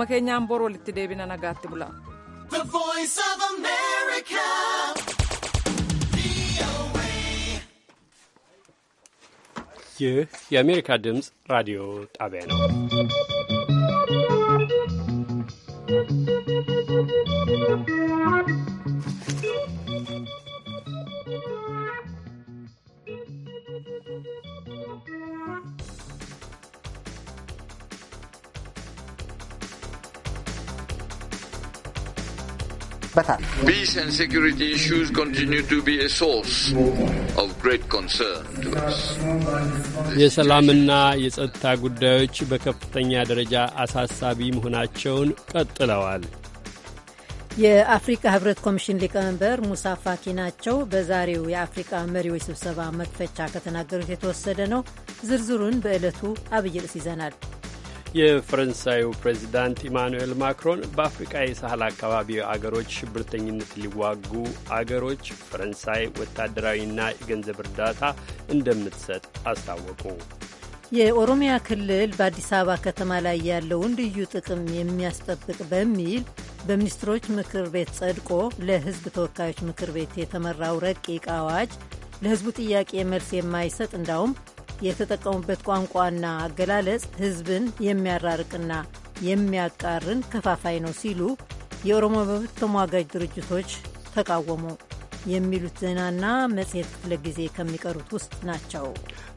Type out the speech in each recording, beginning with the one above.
makeenyaan bor walitti deebina nagaatti bula. ይህ የአሜሪካ ድምፅ ራዲዮ ጣቢያ ነው። ይገኙበታል። የሰላምና የጸጥታ ጉዳዮች በከፍተኛ ደረጃ አሳሳቢ መሆናቸውን ቀጥለዋል። የአፍሪካ ህብረት ኮሚሽን ሊቀመንበር ሙሳ ፋኪ ናቸው። በዛሬው የአፍሪካ መሪዎች ስብሰባ መክፈቻ ከተናገሩት የተወሰደ ነው። ዝርዝሩን በዕለቱ አብይ ርዕስ ይዘናል። የፈረንሳዩ ፕሬዚዳንት ኢማኑኤል ማክሮን በአፍሪቃ የሳህል አካባቢ አገሮች ሽብርተኝነት ሊዋጉ አገሮች ፈረንሳይ ወታደራዊና የገንዘብ እርዳታ እንደምትሰጥ አስታወቁ። የኦሮሚያ ክልል በአዲስ አበባ ከተማ ላይ ያለውን ልዩ ጥቅም የሚያስጠብቅ በሚል በሚኒስትሮች ምክር ቤት ጸድቆ ለሕዝብ ተወካዮች ምክር ቤት የተመራው ረቂቅ አዋጅ ለሕዝቡ ጥያቄ መልስ የማይሰጥ እንዳውም የተጠቀሙበት ቋንቋና አገላለጽ ህዝብን የሚያራርቅና የሚያቃርን ከፋፋይ ነው ሲሉ የኦሮሞ መብት ተሟጋጅ ድርጅቶች ተቃወሙ። የሚሉት ዜናና መጽሔት ክፍለ ጊዜ ከሚቀሩት ውስጥ ናቸው።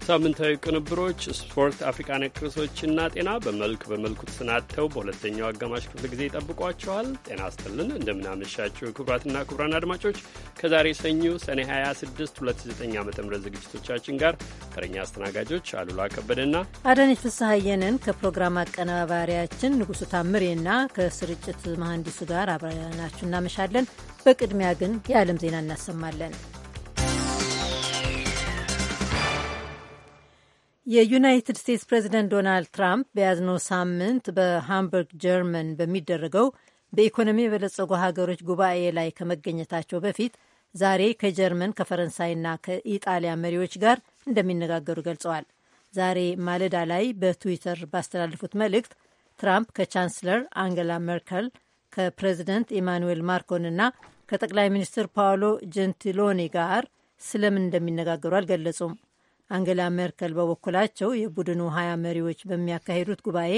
ሳምንታዊ ቅንብሮች፣ ስፖርት፣ አፍሪቃ ነክ ርዕሶችና ጤና በመልክ በመልኩ ተሰናድተው በሁለተኛው አጋማሽ ክፍለ ጊዜ ይጠብቋቸዋል። ጤና ይስጥልን፣ እንደምናመሻቸው ክቡራትና ክቡራን አድማጮች ከዛሬ ሰኞ ሰኔ 26 2009 ዓ ም ዝግጅቶቻችን ጋር ተረኛ አስተናጋጆች አሉላ ከበደና አዳነች ፍስሐየንን ከፕሮግራም አቀነባባሪያችን ንጉሱ ታምሬና ከስርጭት መሐንዲሱ ጋር አብረናችሁ እናመሻለን። በቅድሚያ ግን የዓለም ዜና እናሰማለን። የዩናይትድ ስቴትስ ፕሬዚደንት ዶናልድ ትራምፕ በያዝነው ሳምንት በሃምበርግ ጀርመን በሚደረገው በኢኮኖሚ የበለጸጉ ሀገሮች ጉባኤ ላይ ከመገኘታቸው በፊት ዛሬ ከጀርመን ከፈረንሳይና ከኢጣሊያ መሪዎች ጋር እንደሚነጋገሩ ገልጸዋል። ዛሬ ማለዳ ላይ በትዊተር ባስተላለፉት መልእክት ትራምፕ ከቻንስለር አንገላ ሜርከል ከፕሬዚደንት ኢማኑዌል ማክሮንና ከጠቅላይ ሚኒስትር ፓውሎ ጀንቲሎኒ ጋር ስለምን እንደሚነጋገሩ አልገለጹም። አንገላ ሜርከል በበኩላቸው የቡድኑ ሀያ መሪዎች በሚያካሂዱት ጉባኤ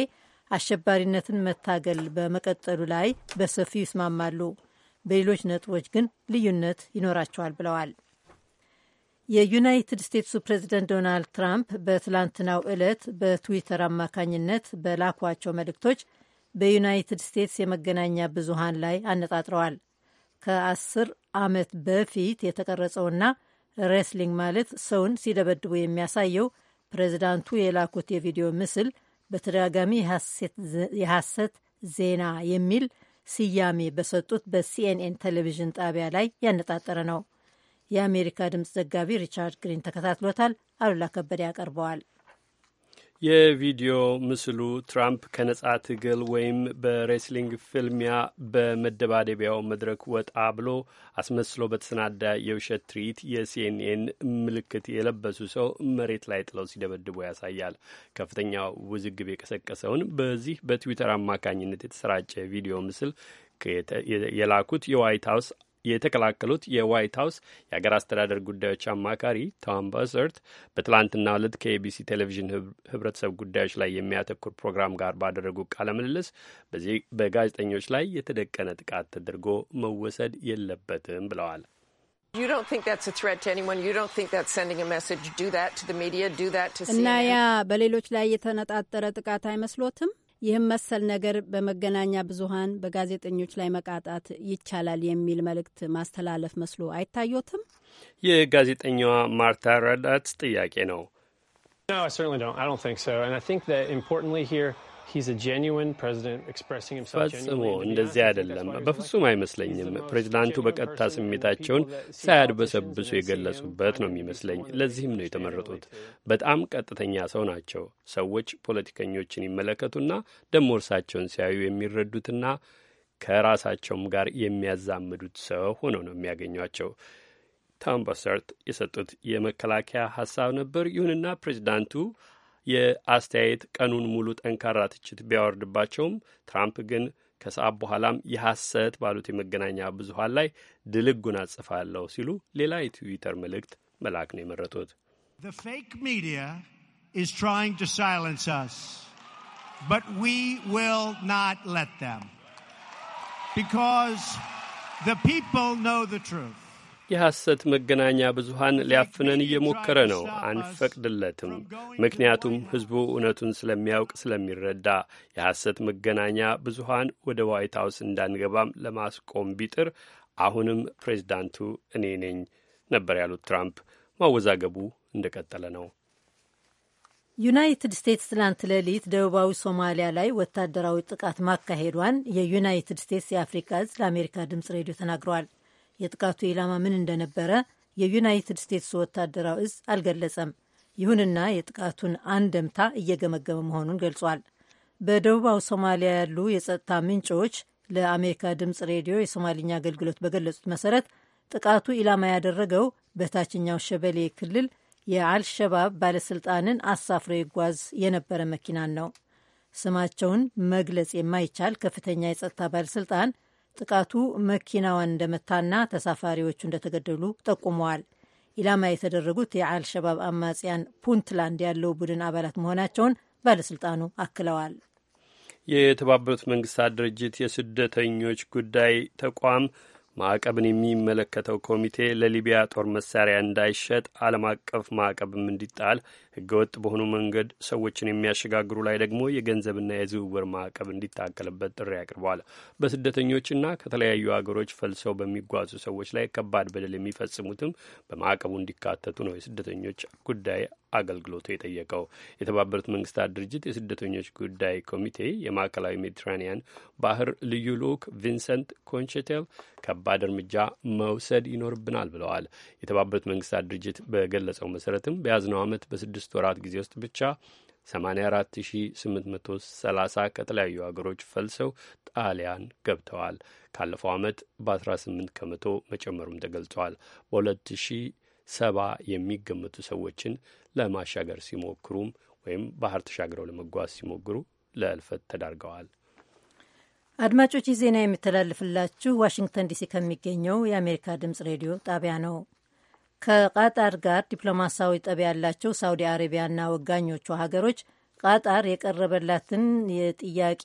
አሸባሪነትን መታገል በመቀጠሉ ላይ በሰፊው ይስማማሉ፣ በሌሎች ነጥቦች ግን ልዩነት ይኖራቸዋል ብለዋል። የዩናይትድ ስቴትሱ ፕሬዚደንት ዶናልድ ትራምፕ በትላንትናው ዕለት በትዊተር አማካኝነት በላኳቸው መልእክቶች በዩናይትድ ስቴትስ የመገናኛ ብዙሃን ላይ አነጣጥረዋል። ከአስር ዓመት በፊት የተቀረጸውና ሬስሊንግ ማለት ሰውን ሲደበድቡ የሚያሳየው ፕሬዚዳንቱ የላኩት የቪዲዮ ምስል በተደጋጋሚ የሐሰት ዜና የሚል ስያሜ በሰጡት በሲኤንኤን ቴሌቪዥን ጣቢያ ላይ ያነጣጠረ ነው። የአሜሪካ ድምፅ ዘጋቢ ሪቻርድ ግሪን ተከታትሎታል። አሉላ ከበደ ያቀርበዋል። የቪዲዮ ምስሉ ትራምፕ ከነጻ ትግል ወይም በሬስሊንግ ፍልሚያ በመደባደቢያው መድረክ ወጣ ብሎ አስመስሎ በተሰናዳ የውሸት ትርኢት የሲኤንኤን ምልክት የለበሱ ሰው መሬት ላይ ጥለው ሲደበድቡ ያሳያል። ከፍተኛ ውዝግብ የቀሰቀሰውን በዚህ በትዊተር አማካኝነት የተሰራጨ ቪዲዮ ምስል የላኩት የዋይት ሀውስ የተቀላቀሉት የዋይት ሀውስ የአገር አስተዳደር ጉዳዮች አማካሪ ቶም በሰርት በትላንትና ዕለት ከኤቢሲ ቴሌቪዥን ህብረተሰብ ጉዳዮች ላይ የሚያተኩር ፕሮግራም ጋር ባደረጉ ቃለ ምልልስ በዚህ በጋዜጠኞች ላይ የተደቀነ ጥቃት ተደርጎ መወሰድ የለበትም ብለዋል። እና ያ በሌሎች ላይ የተነጣጠረ ጥቃት አይመስሎትም? ይህም መሰል ነገር በመገናኛ ብዙሃን በጋዜጠኞች ላይ መቃጣት ይቻላል የሚል መልእክት ማስተላለፍ መስሎ አይታዮትም? የጋዜጠኛዋ ማርታ ረዳት ጥያቄ ነው። ፈጽሞ እንደዚህ አይደለም። በፍጹም አይመስለኝም። ፕሬዚዳንቱ በቀጥታ ስሜታቸውን ሳያድበሰብሱ የገለጹበት ነው የሚመስለኝ። ለዚህም ነው የተመረጡት። በጣም ቀጥተኛ ሰው ናቸው። ሰዎች ፖለቲከኞችን ይመለከቱና ደሞ እርሳቸውን ሲያዩ የሚረዱትና ከራሳቸውም ጋር የሚያዛምዱት ሰው ሆነው ነው የሚያገኟቸው። ታም የሰጡት የመከላከያ ሀሳብ ነበር። ይሁንና ፕሬዚዳንቱ የአስተያየት ቀኑን ሙሉ ጠንካራ ትችት ቢያወርድባቸውም ትራምፕ ግን ከሰዓት በኋላም የሐሰት ባሉት የመገናኛ ብዙሀን ላይ ድል እጎናጽፋለሁ ሲሉ ሌላ የትዊተር መልእክት መልአክ ነው የመረጡት። Because the people know the የሐሰት መገናኛ ብዙሃን ሊያፍነን እየሞከረ ነው። አንፈቅድለትም። ምክንያቱም ሕዝቡ እውነቱን ስለሚያውቅ ስለሚረዳ፣ የሐሰት መገናኛ ብዙሃን ወደ ዋይት ሀውስ እንዳንገባም ለማስቆም ቢጥር አሁንም ፕሬዚዳንቱ እኔ ነኝ ነበር ያሉት ትራምፕ። ማወዛገቡ እንደቀጠለ ነው። ዩናይትድ ስቴትስ ትላንት ሌሊት ደቡባዊ ሶማሊያ ላይ ወታደራዊ ጥቃት ማካሄዷን የዩናይትድ ስቴትስ የአፍሪካ እዝ ለአሜሪካ ድምፅ ሬዲዮ ተናግረዋል። የጥቃቱ ኢላማ ምን እንደነበረ የዩናይትድ ስቴትስ ወታደራዊ እዝ አልገለጸም። ይሁንና የጥቃቱን አንደምታ እየገመገመ መሆኑን ገልጿል። በደቡባው ሶማሊያ ያሉ የጸጥታ ምንጮች ለአሜሪካ ድምፅ ሬዲዮ የሶማልኛ አገልግሎት በገለጹት መሰረት ጥቃቱ ኢላማ ያደረገው በታችኛው ሸበሌ ክልል የአልሸባብ ባለስልጣንን አሳፍሮ ይጓዝ የነበረ መኪናን ነው። ስማቸውን መግለጽ የማይቻል ከፍተኛ የጸጥታ ባለስልጣን ጥቃቱ መኪናዋን እንደመታና ተሳፋሪዎቹ እንደተገደሉ ጠቁመዋል። ኢላማ የተደረጉት የአልሸባብ አማጽያን ፑንትላንድ ያለው ቡድን አባላት መሆናቸውን ባለስልጣኑ አክለዋል። የተባበሩት መንግስታት ድርጅት የስደተኞች ጉዳይ ተቋም ማዕቀብን የሚመለከተው ኮሚቴ ለሊቢያ ጦር መሳሪያ እንዳይሸጥ ዓለም አቀፍ ማዕቀብም እንዲጣል ህገወጥ በሆኑ መንገድ ሰዎችን የሚያሸጋግሩ ላይ ደግሞ የገንዘብና የዝውውር ማዕቀብ እንዲታከልበት ጥሪ አቅርበዋል። በስደተኞችና ከተለያዩ ሀገሮች ፈልሰው በሚጓዙ ሰዎች ላይ ከባድ በደል የሚፈጽሙትም በማዕቀቡ እንዲካተቱ ነው የስደተኞች ጉዳይ አገልግሎቱ የጠየቀው። የተባበሩት መንግስታት ድርጅት የስደተኞች ጉዳይ ኮሚቴ የማዕከላዊ ሜዲትራኒያን ባህር ልዩ ልዑክ ቪንሰንት ኮንሸቴል ከባድ እርምጃ መውሰድ ይኖርብናል ብለዋል። የተባበሩት መንግስታት ድርጅት በገለጸው መሰረትም በያዝነው ዓመት በስድስት በስድስት ወራት ጊዜ ውስጥ ብቻ 84830 ከተለያዩ አገሮች ፈልሰው ጣሊያን ገብተዋል። ካለፈው ዓመት በ18 ከመቶ መጨመሩም ተገልጿል። በ2070 የሚገመቱ ሰዎችን ለማሻገር ሲሞክሩም ወይም ባህር ተሻግረው ለመጓዝ ሲሞክሩ ለእልፈት ተዳርገዋል። አድማጮች ይህ ዜና የሚተላለፍላችሁ ዋሽንግተን ዲሲ ከሚገኘው የአሜሪካ ድምጽ ሬዲዮ ጣቢያ ነው። ከቃጣር ጋር ዲፕሎማሲያዊ ጠብ ያላቸው ሳውዲ አረቢያና ወጋኞቹ ሀገሮች ቃጣር የቀረበላትን የጥያቄ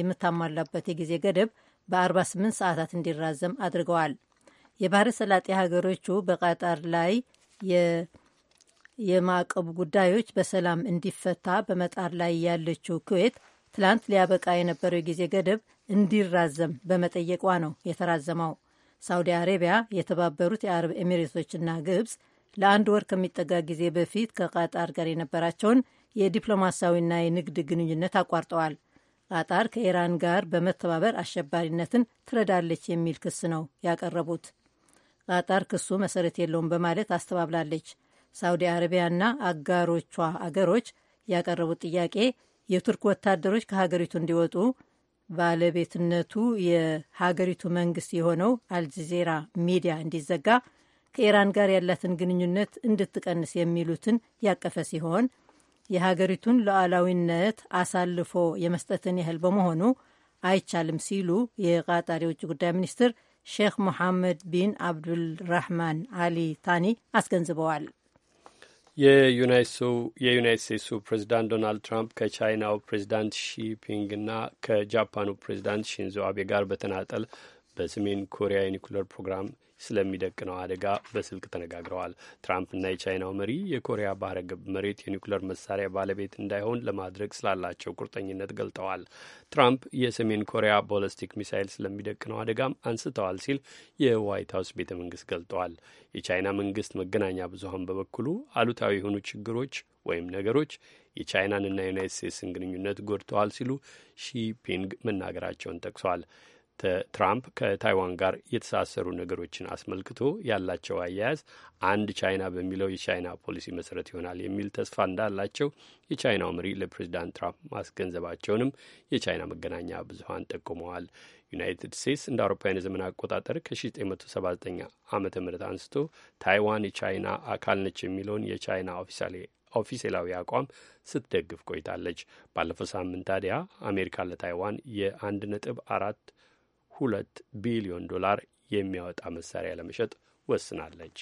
የምታሟላበት የጊዜ ገደብ በ48 ሰዓታት እንዲራዘም አድርገዋል። የባህረ ሰላጤ ሀገሮቹ በቃጣር ላይ የማዕቀቡ ጉዳዮች በሰላም እንዲፈታ በመጣር ላይ ያለችው ኩዌት ትላንት ሊያበቃ የነበረው የጊዜ ገደብ እንዲራዘም በመጠየቋ ነው የተራዘመው። ሳውዲ አረቢያ፣ የተባበሩት የአረብ ኤሚሬቶችና ግብፅ ለአንድ ወር ከሚጠጋ ጊዜ በፊት ከቃጣር ጋር የነበራቸውን የዲፕሎማሲያዊና የንግድ ግንኙነት አቋርጠዋል። ቃጣር ከኢራን ጋር በመተባበር አሸባሪነትን ትረዳለች የሚል ክስ ነው ያቀረቡት። ቃጣር ክሱ መሰረት የለውም በማለት አስተባብላለች። ሳውዲ አረቢያና አጋሮቿ አገሮች ያቀረቡት ጥያቄ የቱርክ ወታደሮች ከሀገሪቱ እንዲወጡ ባለቤትነቱ የሀገሪቱ መንግስት የሆነው አልጀዚራ ሚዲያ እንዲዘጋ ከኢራን ጋር ያላትን ግንኙነት እንድትቀንስ የሚሉትን ያቀፈ ሲሆን የሀገሪቱን ሉዓላዊነት አሳልፎ የመስጠትን ያህል በመሆኑ አይቻልም ሲሉ የቃጣሪ ውጭ ጉዳይ ሚኒስትር ሼክ መሐመድ ቢን አብዱልራህማን አሊ ታኒ አስገንዝበዋል። የዩናይት ስቴትሱ ፕሬዚዳንት ዶናልድ ትራምፕ ከቻይናው ፕሬዚዳንት ሺፒንግና ከጃፓኑ ፕሬዚዳንት ሺንዞ አቤ ጋር በተናጠል በሰሜን ኮሪያ የኒኩሌር ፕሮግራም ስለሚደቅነው አደጋ በስልክ ተነጋግረዋል። ትራምፕና የቻይናው መሪ የኮሪያ ባህረ ገብ መሬት የኒውክለር መሳሪያ ባለቤት እንዳይሆን ለማድረግ ስላላቸው ቁርጠኝነት ገልጠዋል። ትራምፕ የሰሜን ኮሪያ ቦለስቲክ ሚሳይል ስለሚደቅነው አደጋም አንስተዋል ሲል የዋይት ሀውስ ቤተ መንግስት ገልጠዋል። የቻይና መንግስት መገናኛ ብዙሀን በበኩሉ አሉታዊ የሆኑ ችግሮች ወይም ነገሮች የቻይናንና የዩናይት ስቴትስን ግንኙነት ጎድተዋል ሲሉ ሺፒንግ መናገራቸውን ጠቅሰዋል። ትራምፕ ከታይዋን ጋር የተሳሰሩ ነገሮችን አስመልክቶ ያላቸው አያያዝ አንድ ቻይና በሚለው የቻይና ፖሊሲ መሰረት ይሆናል የሚል ተስፋ እንዳላቸው የቻይናው መሪ ለፕሬዚዳንት ትራምፕ ማስገንዘባቸውንም የቻይና መገናኛ ብዙኃን ጠቁመዋል። ዩናይትድ ስቴትስ እንደ አውሮፓውያን የዘመን አቆጣጠር ከ1979 ዓ ም አንስቶ ታይዋን የቻይና አካል ነች የሚለውን የቻይና ኦፊሴላዊ አቋም ስትደግፍ ቆይታለች። ባለፈው ሳምንት ታዲያ አሜሪካ ለታይዋን የአንድ ነጥብ አራት ሁለት ቢሊዮን ዶላር የሚያወጣ መሳሪያ ለመሸጥ ወስናለች።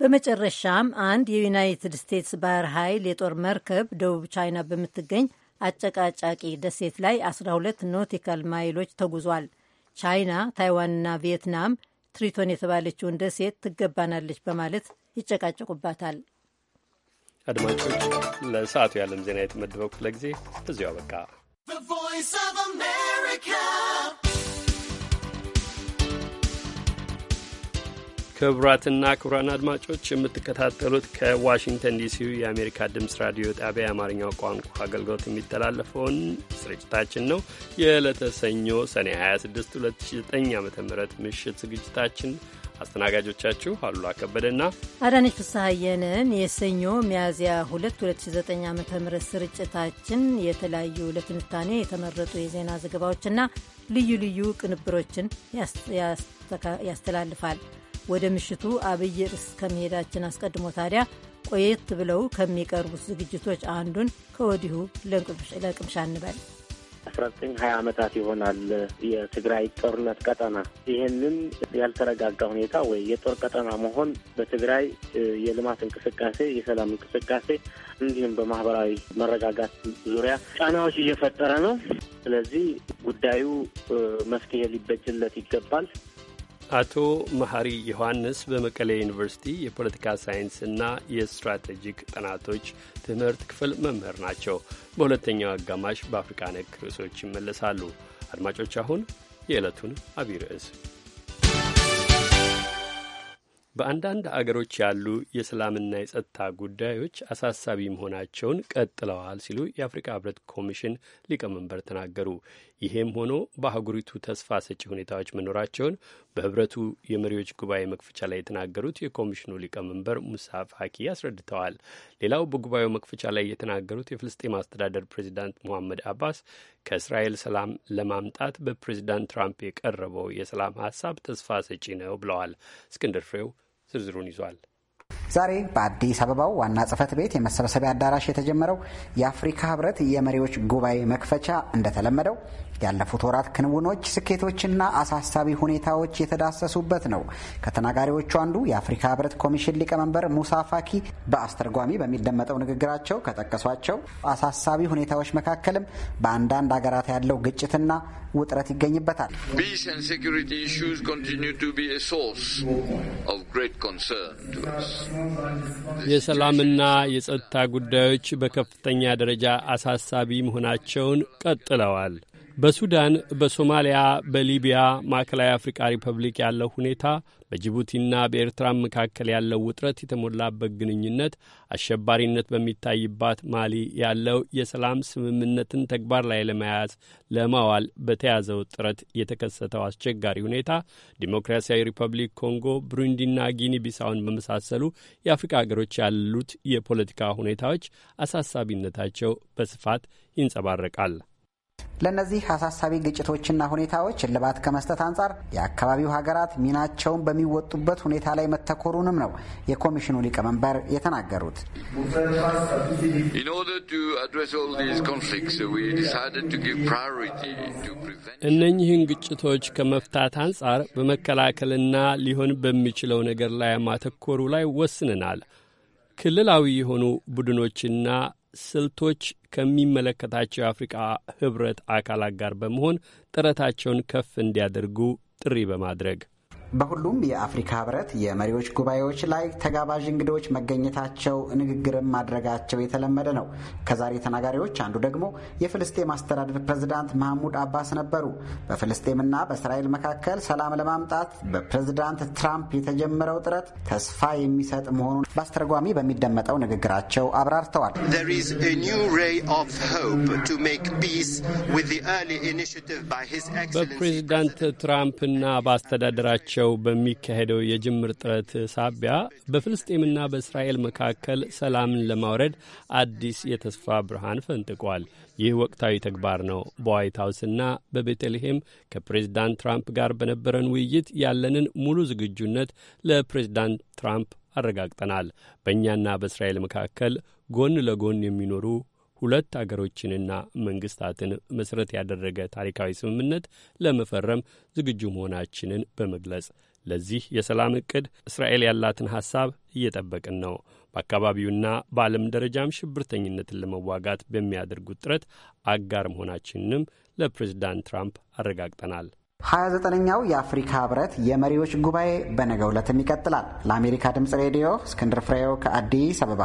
በመጨረሻም አንድ የዩናይትድ ስቴትስ ባህር ኃይል የጦር መርከብ ደቡብ ቻይና በምትገኝ አጨቃጫቂ ደሴት ላይ 12 ኖቲካል ማይሎች ተጉዟል። ቻይና፣ ታይዋንና ቪየትናም ትሪቶን የተባለችውን ደሴት ትገባናለች በማለት ይጨቃጨቁባታል። አድማጮች፣ ለሰዓቱ የዓለም ዜና የተመደበው ክፍለ ጊዜ በዚሁ አበቃ። ክቡራትና ክቡራን አድማጮች የምትከታተሉት ከዋሽንግተን ዲሲ የአሜሪካ ድምፅ ራዲዮ ጣቢያ የአማርኛው ቋንቋ አገልግሎት የሚተላለፈውን ስርጭታችን ነው። የዕለተ ሰኞ ሰኔ 26 2009 ዓ ም ምሽት ዝግጅታችን አስተናጋጆቻችሁ አሉላ ከበደና አዳነች ፍስሐየንን የሰኞ ሚያዝያ 2 2009 ዓ ም ስርጭታችን የተለያዩ ለትንታኔ የተመረጡ የዜና ዘገባዎችና ልዩ ልዩ ቅንብሮችን ያስተላልፋል። ወደ ምሽቱ አብይ ርዕስ ከመሄዳችን አስቀድሞ ታዲያ ቆየት ብለው ከሚቀርቡት ዝግጅቶች አንዱን ከወዲሁ ለቅምሻ እንበል። አስራ ዘጠኝ ሀያ ዓመታት ይሆናል የትግራይ ጦርነት ቀጠና። ይህንን ያልተረጋጋ ሁኔታ ወይ የጦር ቀጠና መሆን በትግራይ የልማት እንቅስቃሴ፣ የሰላም እንቅስቃሴ እንዲሁም በማህበራዊ መረጋጋት ዙሪያ ጫናዎች እየፈጠረ ነው። ስለዚህ ጉዳዩ መፍትሄ ሊበጅለት ይገባል። አቶ መሐሪ ዮሐንስ በመቀሌ ዩኒቨርሲቲ የፖለቲካ ሳይንስና የስትራቴጂክ ጥናቶች ትምህርት ክፍል መምህር ናቸው። በሁለተኛው አጋማሽ በአፍሪካ ነክ ርዕሶች ይመለሳሉ። አድማጮች፣ አሁን የዕለቱን አብይ ርዕስ በአንዳንድ አገሮች ያሉ የሰላምና የጸጥታ ጉዳዮች አሳሳቢ መሆናቸውን ቀጥለዋል ሲሉ የአፍሪካ ህብረት ኮሚሽን ሊቀመንበር ተናገሩ። ይሄም ሆኖ በአህጉሪቱ ተስፋ ሰጪ ሁኔታዎች መኖራቸውን በህብረቱ የመሪዎች ጉባኤ መክፈቻ ላይ የተናገሩት የኮሚሽኑ ሊቀመንበር ሙሳ ፋኪ አስረድተዋል። ሌላው በጉባኤው መክፈቻ ላይ የተናገሩት የፍልስጤም አስተዳደር ፕሬዚዳንት ሞሐመድ አባስ ከእስራኤል ሰላም ለማምጣት በፕሬዚዳንት ትራምፕ የቀረበው የሰላም ሀሳብ ተስፋ ሰጪ ነው ብለዋል። እስክንድር ፍሬው ዝርዝሩን ይዟል። ዛሬ በአዲስ አበባው ዋና ጽህፈት ቤት የመሰብሰቢያ አዳራሽ የተጀመረው የአፍሪካ ህብረት የመሪዎች ጉባኤ መክፈቻ እንደተለመደው ያለፉት ወራት ክንውኖች፣ ስኬቶችና አሳሳቢ ሁኔታዎች የተዳሰሱበት ነው። ከተናጋሪዎቹ አንዱ የአፍሪካ ህብረት ኮሚሽን ሊቀመንበር ሙሳ ፋኪ በአስተርጓሚ በሚደመጠው ንግግራቸው ከጠቀሷቸው አሳሳቢ ሁኔታዎች መካከልም በአንዳንድ ሀገራት ያለው ግጭትና ውጥረት ይገኝበታል። የሰላምና የጸጥታ ጉዳዮች በከፍተኛ ደረጃ አሳሳቢ መሆናቸውን ቀጥለዋል። በሱዳን፣ በሶማሊያ፣ በሊቢያ፣ ማዕከላዊ አፍሪካ ሪፐብሊክ ያለው ሁኔታ፣ በጅቡቲና በኤርትራ መካከል ያለው ውጥረት የተሞላበት ግንኙነት፣ አሸባሪነት በሚታይባት ማሊ ያለው የሰላም ስምምነትን ተግባር ላይ ለመያዝ ለማዋል በተያዘው ጥረት የተከሰተው አስቸጋሪ ሁኔታ፣ ዲሞክራሲያዊ ሪፐብሊክ ኮንጎ፣ ብሩንዲና ጊኒ ቢሳውን በመሳሰሉ የአፍሪካ አገሮች ያሉት የፖለቲካ ሁኔታዎች አሳሳቢነታቸው በስፋት ይንጸባረቃል። ለእነዚህ አሳሳቢ ግጭቶችና ሁኔታዎች እልባት ከመስጠት አንጻር የአካባቢው ሀገራት ሚናቸውን በሚወጡበት ሁኔታ ላይ መተኮሩንም ነው የኮሚሽኑ ሊቀመንበር የተናገሩት። እነኚህን ግጭቶች ከመፍታት አንጻር በመከላከልና ሊሆን በሚችለው ነገር ላይ ማተኮሩ ላይ ወስንናል። ክልላዊ የሆኑ ቡድኖችና ስልቶች ከሚመለከታቸው የአፍሪቃ ህብረት አካላት ጋር በመሆን ጥረታቸውን ከፍ እንዲያደርጉ ጥሪ በማድረግ በሁሉም የአፍሪካ ህብረት የመሪዎች ጉባኤዎች ላይ ተጋባዥ እንግዶች መገኘታቸው ንግግርም ማድረጋቸው የተለመደ ነው። ከዛሬ ተናጋሪዎች አንዱ ደግሞ የፍልስጤም አስተዳደር ፕሬዝዳንት መሐሙድ አባስ ነበሩ። በፍልስጤምና በእስራኤል መካከል ሰላም ለማምጣት በፕሬዝዳንት ትራምፕ የተጀመረው ጥረት ተስፋ የሚሰጥ መሆኑን በአስተርጓሚ በሚደመጠው ንግግራቸው አብራርተዋል። በፕሬዝዳንት ትራምፕና በአስተዳደራቸው በመጪው በሚካሄደው የጅምር ጥረት ሳቢያ በፍልስጤምና በእስራኤል መካከል ሰላምን ለማውረድ አዲስ የተስፋ ብርሃን ፈንጥቋል። ይህ ወቅታዊ ተግባር ነው። በዋይት ሀውስና በቤተልሔም ከፕሬዝዳንት ትራምፕ ጋር በነበረን ውይይት ያለንን ሙሉ ዝግጁነት ለፕሬዝዳንት ትራምፕ አረጋግጠናል። በእኛና በእስራኤል መካከል ጎን ለጎን የሚኖሩ ሁለት አገሮችንና መንግስታትን መሰረት ያደረገ ታሪካዊ ስምምነት ለመፈረም ዝግጁ መሆናችንን በመግለጽ ለዚህ የሰላም እቅድ እስራኤል ያላትን ሐሳብ እየጠበቅን ነው። በአካባቢውና በዓለም ደረጃም ሽብርተኝነትን ለመዋጋት በሚያደርጉት ጥረት አጋር መሆናችንንም ለፕሬዝዳንት ትራምፕ አረጋግጠናል። ሀያ ዘጠነኛው የአፍሪካ ህብረት የመሪዎች ጉባኤ በነገው ዕለትም ይቀጥላል። ለአሜሪካ ድምፅ ሬዲዮ እስክንድር ፍሬው ከአዲስ አበባ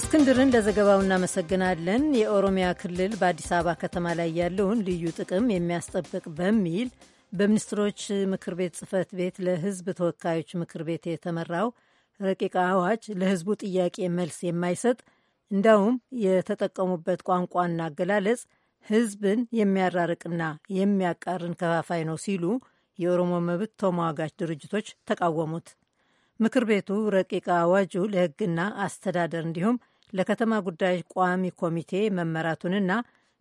እስክንድርን ለዘገባው እናመሰግናለን። የኦሮሚያ ክልል በአዲስ አበባ ከተማ ላይ ያለውን ልዩ ጥቅም የሚያስጠብቅ በሚል በሚኒስትሮች ምክር ቤት ጽህፈት ቤት ለህዝብ ተወካዮች ምክር ቤት የተመራው ረቂቅ አዋጅ ለህዝቡ ጥያቄ መልስ የማይሰጥ እንዳውም የተጠቀሙበት ቋንቋና አገላለጽ ህዝብን የሚያራርቅና የሚያቃርን ከፋፋይ ነው ሲሉ የኦሮሞ መብት ተሟጋች ድርጅቶች ተቃወሙት። ምክር ቤቱ ረቂቅ አዋጁ ለህግና አስተዳደር እንዲሁም ለከተማ ጉዳዮች ቋሚ ኮሚቴ መመራቱንና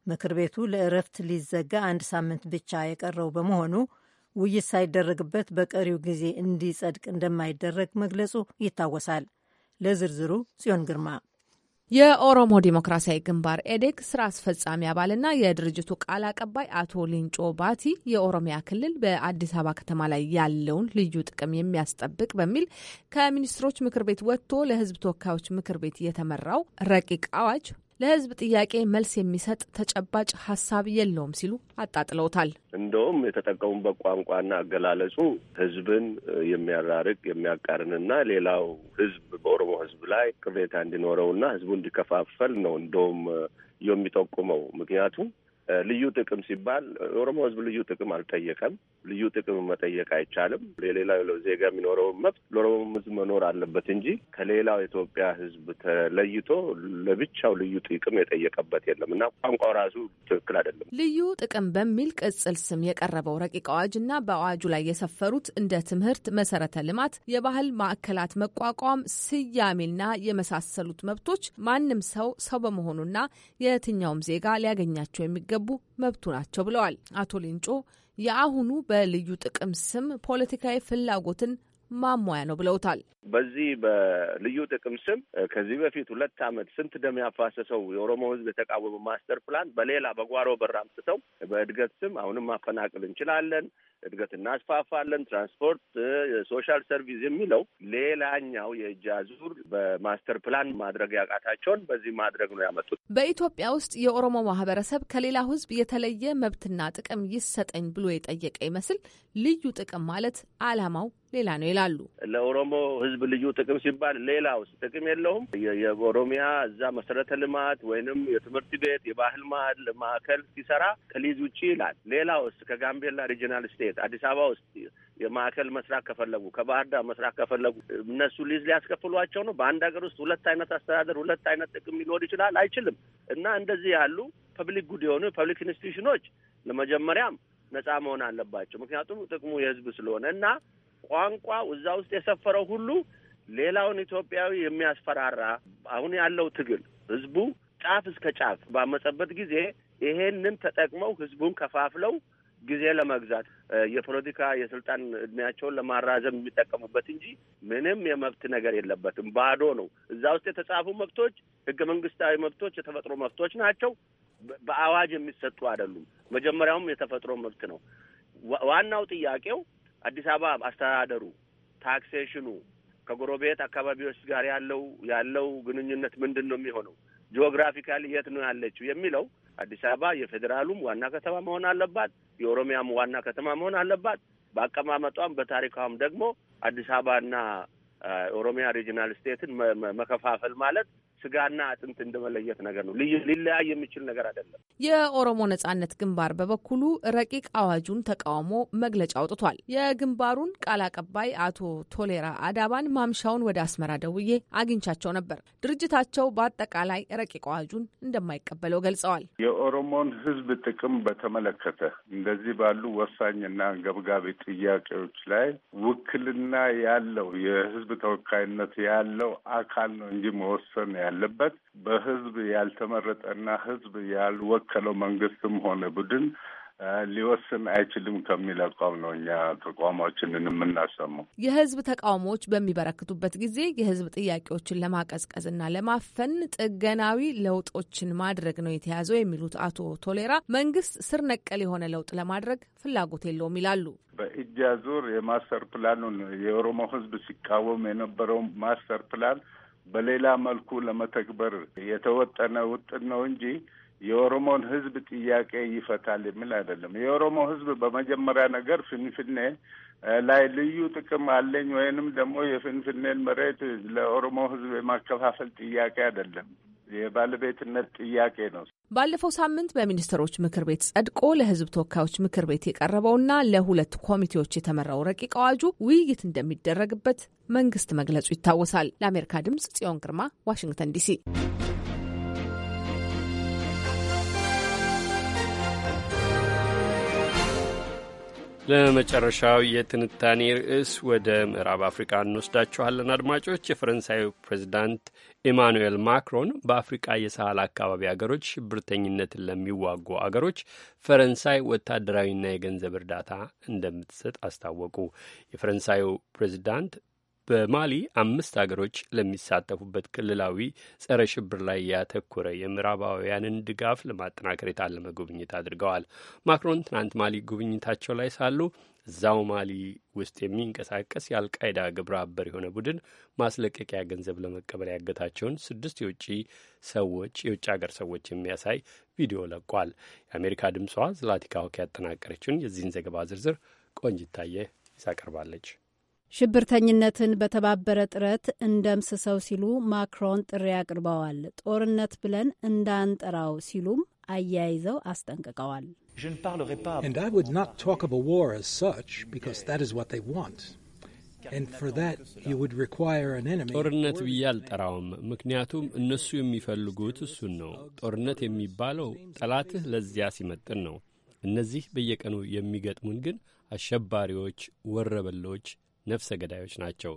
ምክር ቤቱ ለእረፍት ሊዘጋ አንድ ሳምንት ብቻ የቀረው በመሆኑ ውይይት ሳይደረግበት በቀሪው ጊዜ እንዲጸድቅ እንደማይደረግ መግለጹ ይታወሳል። ለዝርዝሩ ጽዮን ግርማ የኦሮሞ ዴሞክራሲያዊ ግንባር ኤዴግ ስራ አስፈጻሚ አባልና የድርጅቱ ቃል አቀባይ አቶ ሊንጮ ባቲ የኦሮሚያ ክልል በአዲስ አበባ ከተማ ላይ ያለውን ልዩ ጥቅም የሚያስጠብቅ በሚል ከሚኒስትሮች ምክር ቤት ወጥቶ ለሕዝብ ተወካዮች ምክር ቤት የተመራው ረቂቅ አዋጅ ለህዝብ ጥያቄ መልስ የሚሰጥ ተጨባጭ ሀሳብ የለውም ሲሉ አጣጥለውታል። እንደውም የተጠቀሙበት ቋንቋና አገላለጹ ህዝብን የሚያራርቅ የሚያቃርንና ሌላው ህዝብ በኦሮሞ ህዝብ ላይ ቅሬታ እንዲኖረውና ህዝቡ እንዲከፋፈል ነው እንደውም የሚጠቁመው ምክንያቱም ልዩ ጥቅም ሲባል የኦሮሞ ህዝብ ልዩ ጥቅም አልጠየቀም። ልዩ ጥቅም መጠየቅ አይቻልም። የሌላው ዜጋ የሚኖረው መብት ለኦሮሞ ሕዝብ መኖር አለበት እንጂ ከሌላው የኢትዮጵያ ሕዝብ ተለይቶ ለብቻው ልዩ ጥቅም የጠየቀበት የለም እና ቋንቋው ራሱ ትክክል አይደለም። ልዩ ጥቅም በሚል ቅጽል ስም የቀረበው ረቂቅ አዋጅ እና በአዋጁ ላይ የሰፈሩት እንደ ትምህርት፣ መሰረተ ልማት፣ የባህል ማዕከላት መቋቋም፣ ስያሜና የመሳሰሉት መብቶች ማንም ሰው ሰው በመሆኑና የትኛውም ዜጋ ሊያገኛቸው የሚገቡ መብቱ ናቸው ብለዋል አቶ ሌንጮ የአሁኑ በልዩ ጥቅም ስም ፖለቲካዊ ፍላጎትን ማሟያ ነው ብለውታል። በዚህ በልዩ ጥቅም ስም ከዚህ በፊት ሁለት ዓመት ስንት ደም ያፋሰሰው የኦሮሞ ሕዝብ የተቃወመ ማስተር ፕላን በሌላ በጓሮ በር አምጥተው በእድገት ስም አሁንም ማፈናቀል እንችላለን፣ እድገት እናስፋፋለን፣ ትራንስፖርት፣ ሶሻል ሰርቪስ የሚለው ሌላኛው የእጅ አዙር በማስተር ፕላን ማድረግ ያቃታቸውን በዚህ ማድረግ ነው ያመጡት። በኢትዮጵያ ውስጥ የኦሮሞ ማህበረሰብ ከሌላ ህዝብ የተለየ መብትና ጥቅም ይሰጠኝ ብሎ የጠየቀ ይመስል ልዩ ጥቅም ማለት አላማው ሌላ ነው ይላሉ። ለኦሮሞ ህዝብ ልዩ ጥቅም ሲባል ሌላ ውስጥ ጥቅም የለውም። የኦሮሚያ እዛ መሰረተ ልማት ወይንም የትምህርት ቤት የባህል ማዕከል ሲሰራ ከሊዝ ውጭ ይላል። ሌላ ውስጥ ከጋምቤላ ሪጂናል ስቴት መሬት አዲስ አበባ ውስጥ የማዕከል መስራት ከፈለጉ ከባህር ዳር መስራት ከፈለጉ እነሱ ሊዝ ሊያስከፍሏቸው ነው። በአንድ ሀገር ውስጥ ሁለት አይነት አስተዳደር፣ ሁለት አይነት ጥቅም ሊኖር ይችላል አይችልም። እና እንደዚህ ያሉ ፐብሊክ ጉድ የሆኑ የፐብሊክ ኢንስቲቱሽኖች ለመጀመሪያም ነጻ መሆን አለባቸው። ምክንያቱም ጥቅሙ የህዝብ ስለሆነ እና ቋንቋ እዛ ውስጥ የሰፈረው ሁሉ ሌላውን ኢትዮጵያዊ የሚያስፈራራ አሁን ያለው ትግል ህዝቡ ጫፍ እስከ ጫፍ ባመጸበት ጊዜ ይሄንን ተጠቅመው ህዝቡን ከፋፍለው ጊዜ ለመግዛት የፖለቲካ የስልጣን እድሜያቸውን ለማራዘም የሚጠቀሙበት እንጂ ምንም የመብት ነገር የለበትም። ባዶ ነው። እዛ ውስጥ የተጻፉ መብቶች ህገ መንግስታዊ መብቶች፣ የተፈጥሮ መብቶች ናቸው። በአዋጅ የሚሰጡ አይደሉም። መጀመሪያውም የተፈጥሮ መብት ነው። ዋናው ጥያቄው አዲስ አበባ አስተዳደሩ፣ ታክሴሽኑ ከጎረቤት አካባቢዎች ጋር ያለው ያለው ግንኙነት ምንድን ነው የሚሆነው ጂኦግራፊካሊ የት ነው ያለችው የሚለው አዲስ አበባ የፌዴራሉም ዋና ከተማ መሆን አለባት። የኦሮሚያም ዋና ከተማ መሆን አለባት። በአቀማመጧም በታሪካም ደግሞ አዲስ አበባና ኦሮሚያ ሪጂናል ስቴትን መከፋፈል ማለት ስጋና አጥንት እንደመለየት ነገር ነው። ሊለያይ የሚችል ነገር አይደለም። የኦሮሞ ነጻነት ግንባር በበኩሉ ረቂቅ አዋጁን ተቃውሞ መግለጫ አውጥቷል። የግንባሩን ቃል አቀባይ አቶ ቶሌራ አዳባን ማምሻውን ወደ አስመራ ደውዬ አግኝቻቸው ነበር። ድርጅታቸው በአጠቃላይ ረቂቅ አዋጁን እንደማይቀበለው ገልጸዋል። የኦሮሞን ሕዝብ ጥቅም በተመለከተ እንደዚህ ባሉ ወሳኝና ገብጋቢ ጥያቄዎች ላይ ውክልና ያለው የሕዝብ ተወካይነት ያለው አካል ነው እንጂ መወሰን ያለበት በህዝብ ያልተመረጠና ህዝብ ያልወከለው መንግስትም ሆነ ቡድን ሊወስን አይችልም ከሚል አቋም ነው እኛ ተቋማችንን የምናሰማው። የህዝብ ተቃውሞዎች በሚበረክቱበት ጊዜ የህዝብ ጥያቄዎችን ለማቀዝቀዝና ለማፈን ጥገናዊ ለውጦችን ማድረግ ነው የተያዘው የሚሉት አቶ ቶሌራ መንግስት ስር ነቀል የሆነ ለውጥ ለማድረግ ፍላጎት የለውም ይላሉ። በእጃ ዙር የማስተር ፕላኑን የኦሮሞ ህዝብ ሲቃወም የነበረው ማስተር ፕላን በሌላ መልኩ ለመተግበር የተወጠነ ውጥን ነው እንጂ የኦሮሞን ሕዝብ ጥያቄ ይፈታል የሚል አይደለም። የኦሮሞ ሕዝብ በመጀመሪያ ነገር ፍንፍኔ ላይ ልዩ ጥቅም አለኝ ወይንም ደግሞ የፍንፍኔን መሬት ለኦሮሞ ሕዝብ የማከፋፈል ጥያቄ አይደለም። የባለቤትነት ጥያቄ ነው። ባለፈው ሳምንት በሚኒስትሮች ምክር ቤት ጸድቆ ለሕዝብ ተወካዮች ምክር ቤት የቀረበውና ለሁለት ኮሚቴዎች የተመራው ረቂቅ አዋጁ ውይይት እንደሚደረግበት መንግስት መግለጹ ይታወሳል። ለአሜሪካ ድምጽ ጽዮን ግርማ ዋሽንግተን ዲሲ ለመጨረሻው የትንታኔ ርዕስ ወደ ምዕራብ አፍሪቃ እንወስዳችኋለን። አድማጮች የፈረንሳዩ ፕሬዚዳንት ኢማኑኤል ማክሮን በአፍሪቃ የሳህል አካባቢ አገሮች ሽብርተኝነትን ለሚዋጉ አገሮች ፈረንሳይ ወታደራዊና የገንዘብ እርዳታ እንደምትሰጥ አስታወቁ። የፈረንሳዩ ፕሬዚዳንት በማሊ አምስት አገሮች ለሚሳተፉበት ክልላዊ ጸረ ሽብር ላይ ያተኮረ የምዕራባውያንን ድጋፍ ለማጠናከር የታለመ ጉብኝት አድርገዋል። ማክሮን ትናንት ማሊ ጉብኝታቸው ላይ ሳሉ እዛው ማሊ ውስጥ የሚንቀሳቀስ የአልቃይዳ ግብረ አበር የሆነ ቡድን ማስለቀቂያ ገንዘብ ለመቀበል ያገታቸውን ስድስት የውጭ ሰዎች የውጭ ሀገር ሰዎች የሚያሳይ ቪዲዮ ለቋል። የአሜሪካ ድምፅዋ ዝላቲካ ሆክ ያጠናቀረችውን የዚህን ዘገባ ዝርዝር ቆንጅታየ ይዛ ቀርባለች። ሽብርተኝነትን በተባበረ ጥረት እንደምስሰው ሲሉ ማክሮን ጥሪ አቅርበዋል። ጦርነት ብለን እንዳንጠራው ሲሉም አያይዘው አስጠንቅቀዋል። ጦርነት ብዬ አልጠራውም፣ ምክንያቱም እነሱ የሚፈልጉት እሱን ነው። ጦርነት የሚባለው ጠላትህ ለዚያ ሲመጥን ነው። እነዚህ በየቀኑ የሚገጥሙን ግን አሸባሪዎች፣ ወረበሎች ነፍሰ ገዳዮች ናቸው።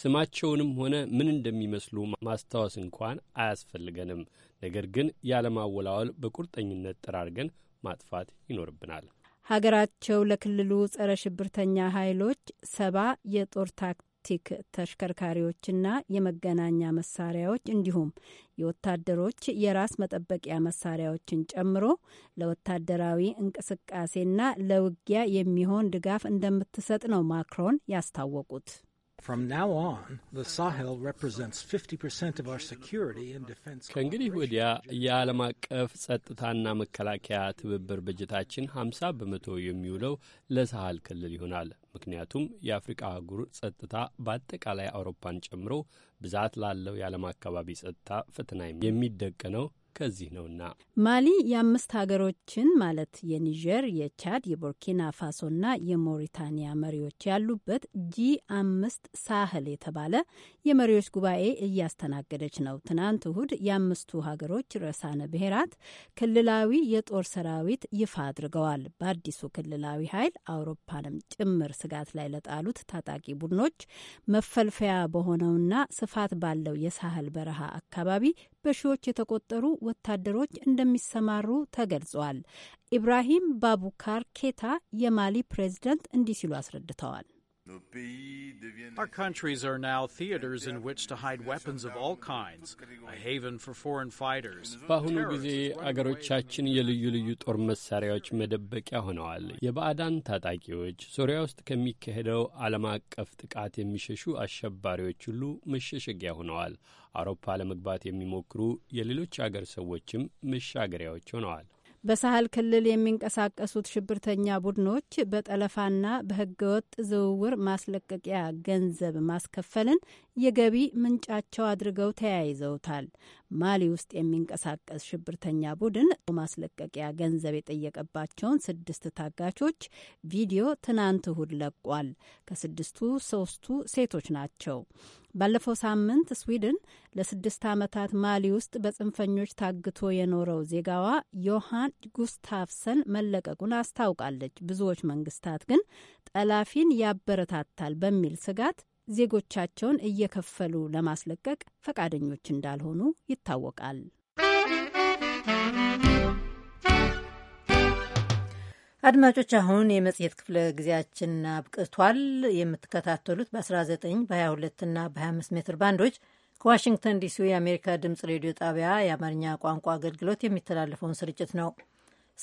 ስማቸውንም ሆነ ምን እንደሚመስሉ ማስታወስ እንኳን አያስፈልገንም። ነገር ግን ያለማወላወል በቁርጠኝነት ጠራርገን ማጥፋት ይኖርብናል። ሀገራቸው ለክልሉ ጸረ ሽብርተኛ ኃይሎች ሰባ የጦር ታክት የኤሌክትሪክ ተሽከርካሪዎችና የመገናኛ መሳሪያዎች እንዲሁም የወታደሮች የራስ መጠበቂያ መሳሪያዎችን ጨምሮ ለወታደራዊ እንቅስቃሴና ለውጊያ የሚሆን ድጋፍ እንደምትሰጥ ነው ማክሮን ያስታወቁት። ከእንግዲህ ወዲያ የዓለም አቀፍ ጸጥታና መከላከያ ትብብር በጀታችን 50 በመቶ የሚውለው ለሳህል ክልል ይሆናል። ምክንያቱም የአፍሪቃ አህጉር ጸጥታ በአጠቃላይ አውሮፓን ጨምሮ ብዛት ላለው የዓለም አካባቢ ጸጥታ ፈተና የሚደቀነው ከዚህ ነውና። ማሊ የአምስት ሀገሮችን ማለት የኒጀር፣ የቻድ፣ የቡርኪና ፋሶና የሞሪታኒያ መሪዎች ያሉበት ጂ አምስት ሳህል የተባለ የመሪዎች ጉባኤ እያስተናገደች ነው። ትናንት እሁድ የአምስቱ ሀገሮች ርዕሳነ ብሔራት ክልላዊ የጦር ሰራዊት ይፋ አድርገዋል። በአዲሱ ክልላዊ ኃይል አውሮፓንም ጭምር ስጋት ላይ ለጣሉት ታጣቂ ቡድኖች መፈልፈያ በሆነውና ስፋት ባለው የሳህል በረሃ አካባቢ በሺዎች የተቆጠሩ ወታደሮች እንደሚሰማሩ ተገልጿል። ኢብራሂም ባቡካር ኬታ የማሊ ፕሬዝደንት እንዲህ ሲሉ አስረድተዋል። Our countries are now theaters in which to hide weapons of all kinds, a haven for foreign fighters. በአሁኑ ጊዜ አገሮቻችን የልዩ ልዩ ጦር መሳሪያዎች መደበቂያ ሆነዋል። የባዕዳን ታጣቂዎች፣ ሶሪያ ውስጥ ከሚካሄደው ዓለም አቀፍ ጥቃት የሚሸሹ አሸባሪዎች ሁሉ መሸሸጊያ ሆነዋል። አውሮፓ ለመግባት የሚሞክሩ የሌሎች አገር ሰዎችም መሻገሪያዎች ሆነዋል። በሳህል ክልል የሚንቀሳቀሱት ሽብርተኛ ቡድኖች በጠለፋና በህገወጥ ዝውውር ማስለቀቂያ ገንዘብ ማስከፈልን የገቢ ምንጫቸው አድርገው ተያይዘውታል። ማሊ ውስጥ የሚንቀሳቀስ ሽብርተኛ ቡድን ማስለቀቂያ ገንዘብ የጠየቀባቸውን ስድስት ታጋቾች ቪዲዮ ትናንት እሁድ ለቋል። ከስድስቱ ሶስቱ ሴቶች ናቸው። ባለፈው ሳምንት ስዊድን ለስድስት ዓመታት ማሊ ውስጥ በጽንፈኞች ታግቶ የኖረው ዜጋዋ ዮሃን ጉስታፍሰን መለቀቁን አስታውቃለች። ብዙዎች መንግስታት ግን ጠላፊን ያበረታታል በሚል ስጋት ዜጎቻቸውን እየከፈሉ ለማስለቀቅ ፈቃደኞች እንዳልሆኑ ይታወቃል። አድማጮች አሁን የመጽሔት ክፍለ ጊዜያችን አብቅቷል። የምትከታተሉት በ19 በ22 ና በ25 ሜትር ባንዶች ከዋሽንግተን ዲሲ የአሜሪካ ድምፅ ሬዲዮ ጣቢያ የአማርኛ ቋንቋ አገልግሎት የሚተላለፈውን ስርጭት ነው።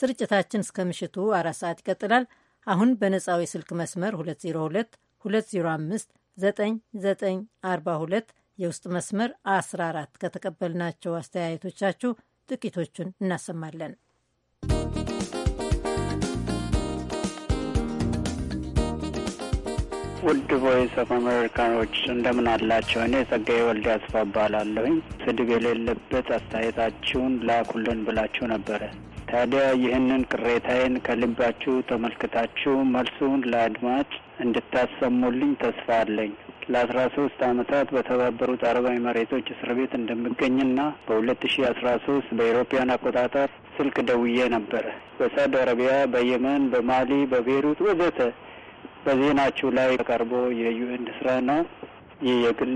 ስርጭታችን እስከ ምሽቱ አራት ሰዓት ይቀጥላል። አሁን በነጻው የስልክ መስመር 202 205 9942 የውስጥ መስመር 14 ከተቀበልናቸው አስተያየቶቻችሁ ጥቂቶቹን እናሰማለን። ውድ ቮይስ ኦፍ አሜሪካኖች እንደምን አላቸው? እኔ ጸጋዬ ወልድ አስፋ እባላለሁኝ። ስድብ የሌለበት አስተያየታችሁን ላኩልን ብላችሁ ነበረ። ታዲያ ይህንን ቅሬታዬን ከልባችሁ ተመልክታችሁ መልሱን ለአድማጭ እንድታሰሙልኝ ተስፋ አለኝ። ለአስራ ሶስት አመታት በተባበሩት አረብ መሬቶች እስር ቤት እንደምገኝና በሁለት ሺ አስራ ሶስት በኤሮፓያን አቆጣጠር ስልክ ደውዬ ነበረ። በሳውዲ አረቢያ፣ በየመን፣ በማሊ፣ በቤሩት ወዘተ በዜናችሁ ላይ ቀርቦ የዩኤን ስራ ነው ይህ የግል